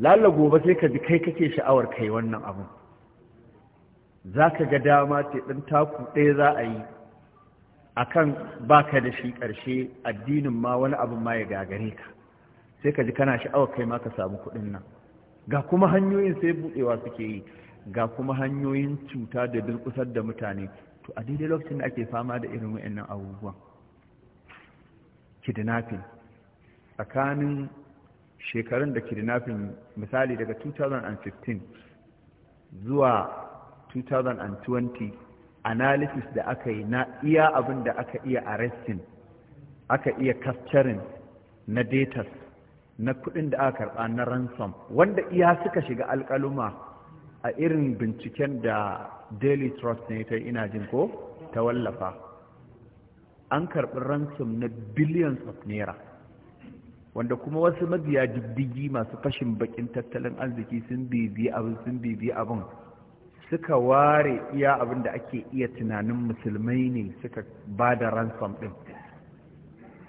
lalla gobe sai ka ji kai kake sha'awar kai wannan abin za ka ga dama ce ɗin taku ɗaya za a yi a kan ba ka da shi ƙarshe addinin ma wani abin ma ya gagare ka sai ka ji kana sha'awar kai ma ka samu kuɗin nan ga kuma hanyoyin sai buɗewa suke yi ga kuma hanyoyin cuta da durƙusar da mutane to a daidai lokacin da ake fama da irin wa'annan abubuwan kidnapping tsakanin shekarun da kidnapping misali daga 2015 zuwa 2020 analysis da aka yi na iya abin da aka iya arresting aka iya capturing na datas na kudin da aka karba na ransom wanda iya suka shiga alkaluma a irin binciken da daily trust ne ta ina jin ko ta wallafa an karbi ransom na billions of naira wanda kuma wasu mabiya diddigi masu fashin bakin tattalin arziki sun bibi abin sun bibi abin suka ware iya abin da ake iya tunanin musulmai ne suka ba da ransom din,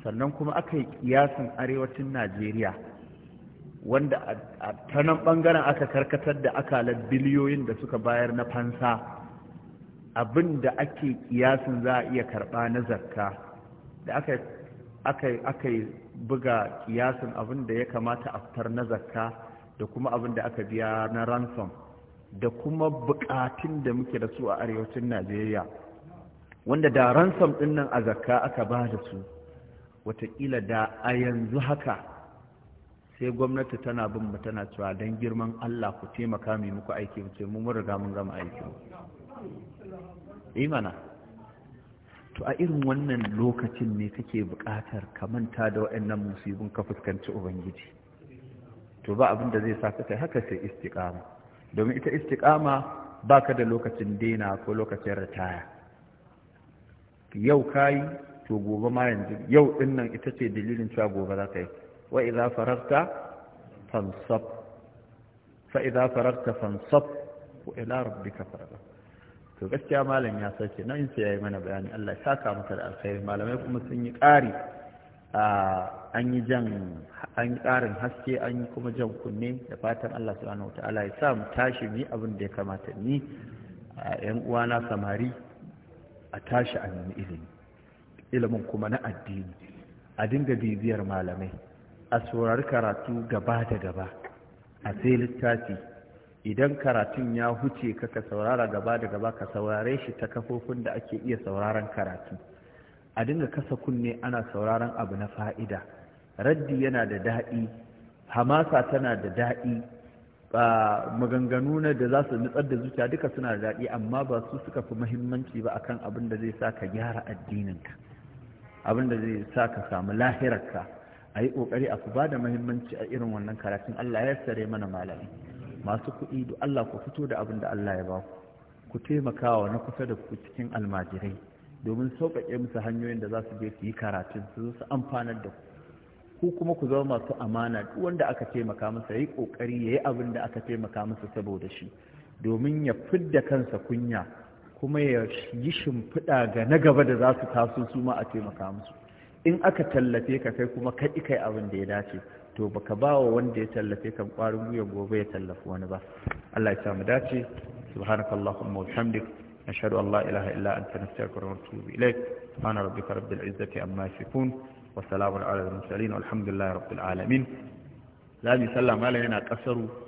sannan kuma aka yi kiyasin arewacin najeriya wanda a tanan bangaren aka karkatar da akalar biliyoyin da suka bayar na fansa abin da ake kiyasin za a iya karɓa na zakka da aka aka yi buga kiyasin abin da ya kamata a fitar na zakka da kuma abin da aka biya na ransom da kuma bukatun da muke da su a arewacin najeriya wanda da ransom din nan a zakka aka ba da su watakila da a yanzu haka sai gwamnati tana bin mu tana cewa don girman allah ku taimaka mai muku aiki mu ce mu riga mun gama aiki imana to a irin wannan lokacin ne kake buƙatar ka manta da waɗannan musibin ka fuskanci ubangiji to ba abin da zai sa ka haka sai istiqama domin ita istiqama baka da lokacin daina ko lokacin ritaya yau kai to gobe ma yanzu yau din nan ita ce dalilin cewa gobe za ka yi wa idza fararta fansab fa idza fararta fansab wa ila rabbika fararta to gaskiya malam ya sauke na in ya yi mana bayani Allah ya saka maka da alkhairi malamai kuma sun yi ƙari an yi jan an yi ƙarin haske an yi kuma jan kunne da fatan Allah subhanahu wataala ya sa mu tashi ni abin da ya kamata ni a yan uwana samari a tashi a nemi ilimi ilimin kuma na addini a dinga bibiyar malamai a saurari karatu gaba da gaba a sai littafi idan karatun ya huce ka saurara gaba da gaba ka saurare shi ta kafofin da ake iya sauraron karatu a dinga kasa kunne ana sauraron abu na fa'ida raddi yana da daɗi hamasa tana da daɗi maganganu na da za su nutsar da zuciya duka suna da daɗi amma ba su suka fi muhimmanci ba akan abin da zai sa ka gyara addininka abin da zai sa ka samu lahirarka a yi ƙoƙari a ku ba da muhimmanci a irin wannan karatun allah ya sare mana malami masu kuɗi da Allah ku fito da abin da Allah ya ba ku ku taimaka wa na kusa da ku cikin almajirai domin sauƙaƙe musu hanyoyin da za su je su yi karatun su zo su amfanar da ku ku kuma ku zama masu amana duk wanda aka taimaka masa yayi kokari yayi abin da aka taimaka masa saboda shi domin ya fidda kansa kunya kuma ya yi shimfiɗa ga na gaba da za su taso su ma a taimaka musu in aka tallafe ka kai kuma kaɗi kai abin da ya dace to baka ba wa wanda ya tallafe kan ƙwarin gwiwa gobe ya tallafi wani ba Allah ya samu dace subhanakallahumma wa bihamdik nashhadu an la ilaha illa anta nastaghfiruka wa natubu ilaik subhana rabbika rabbil izzati amma yasifun wa salamun ala al mursalin walhamdulillahi rabbil alamin zamu sallama malam yana kasaru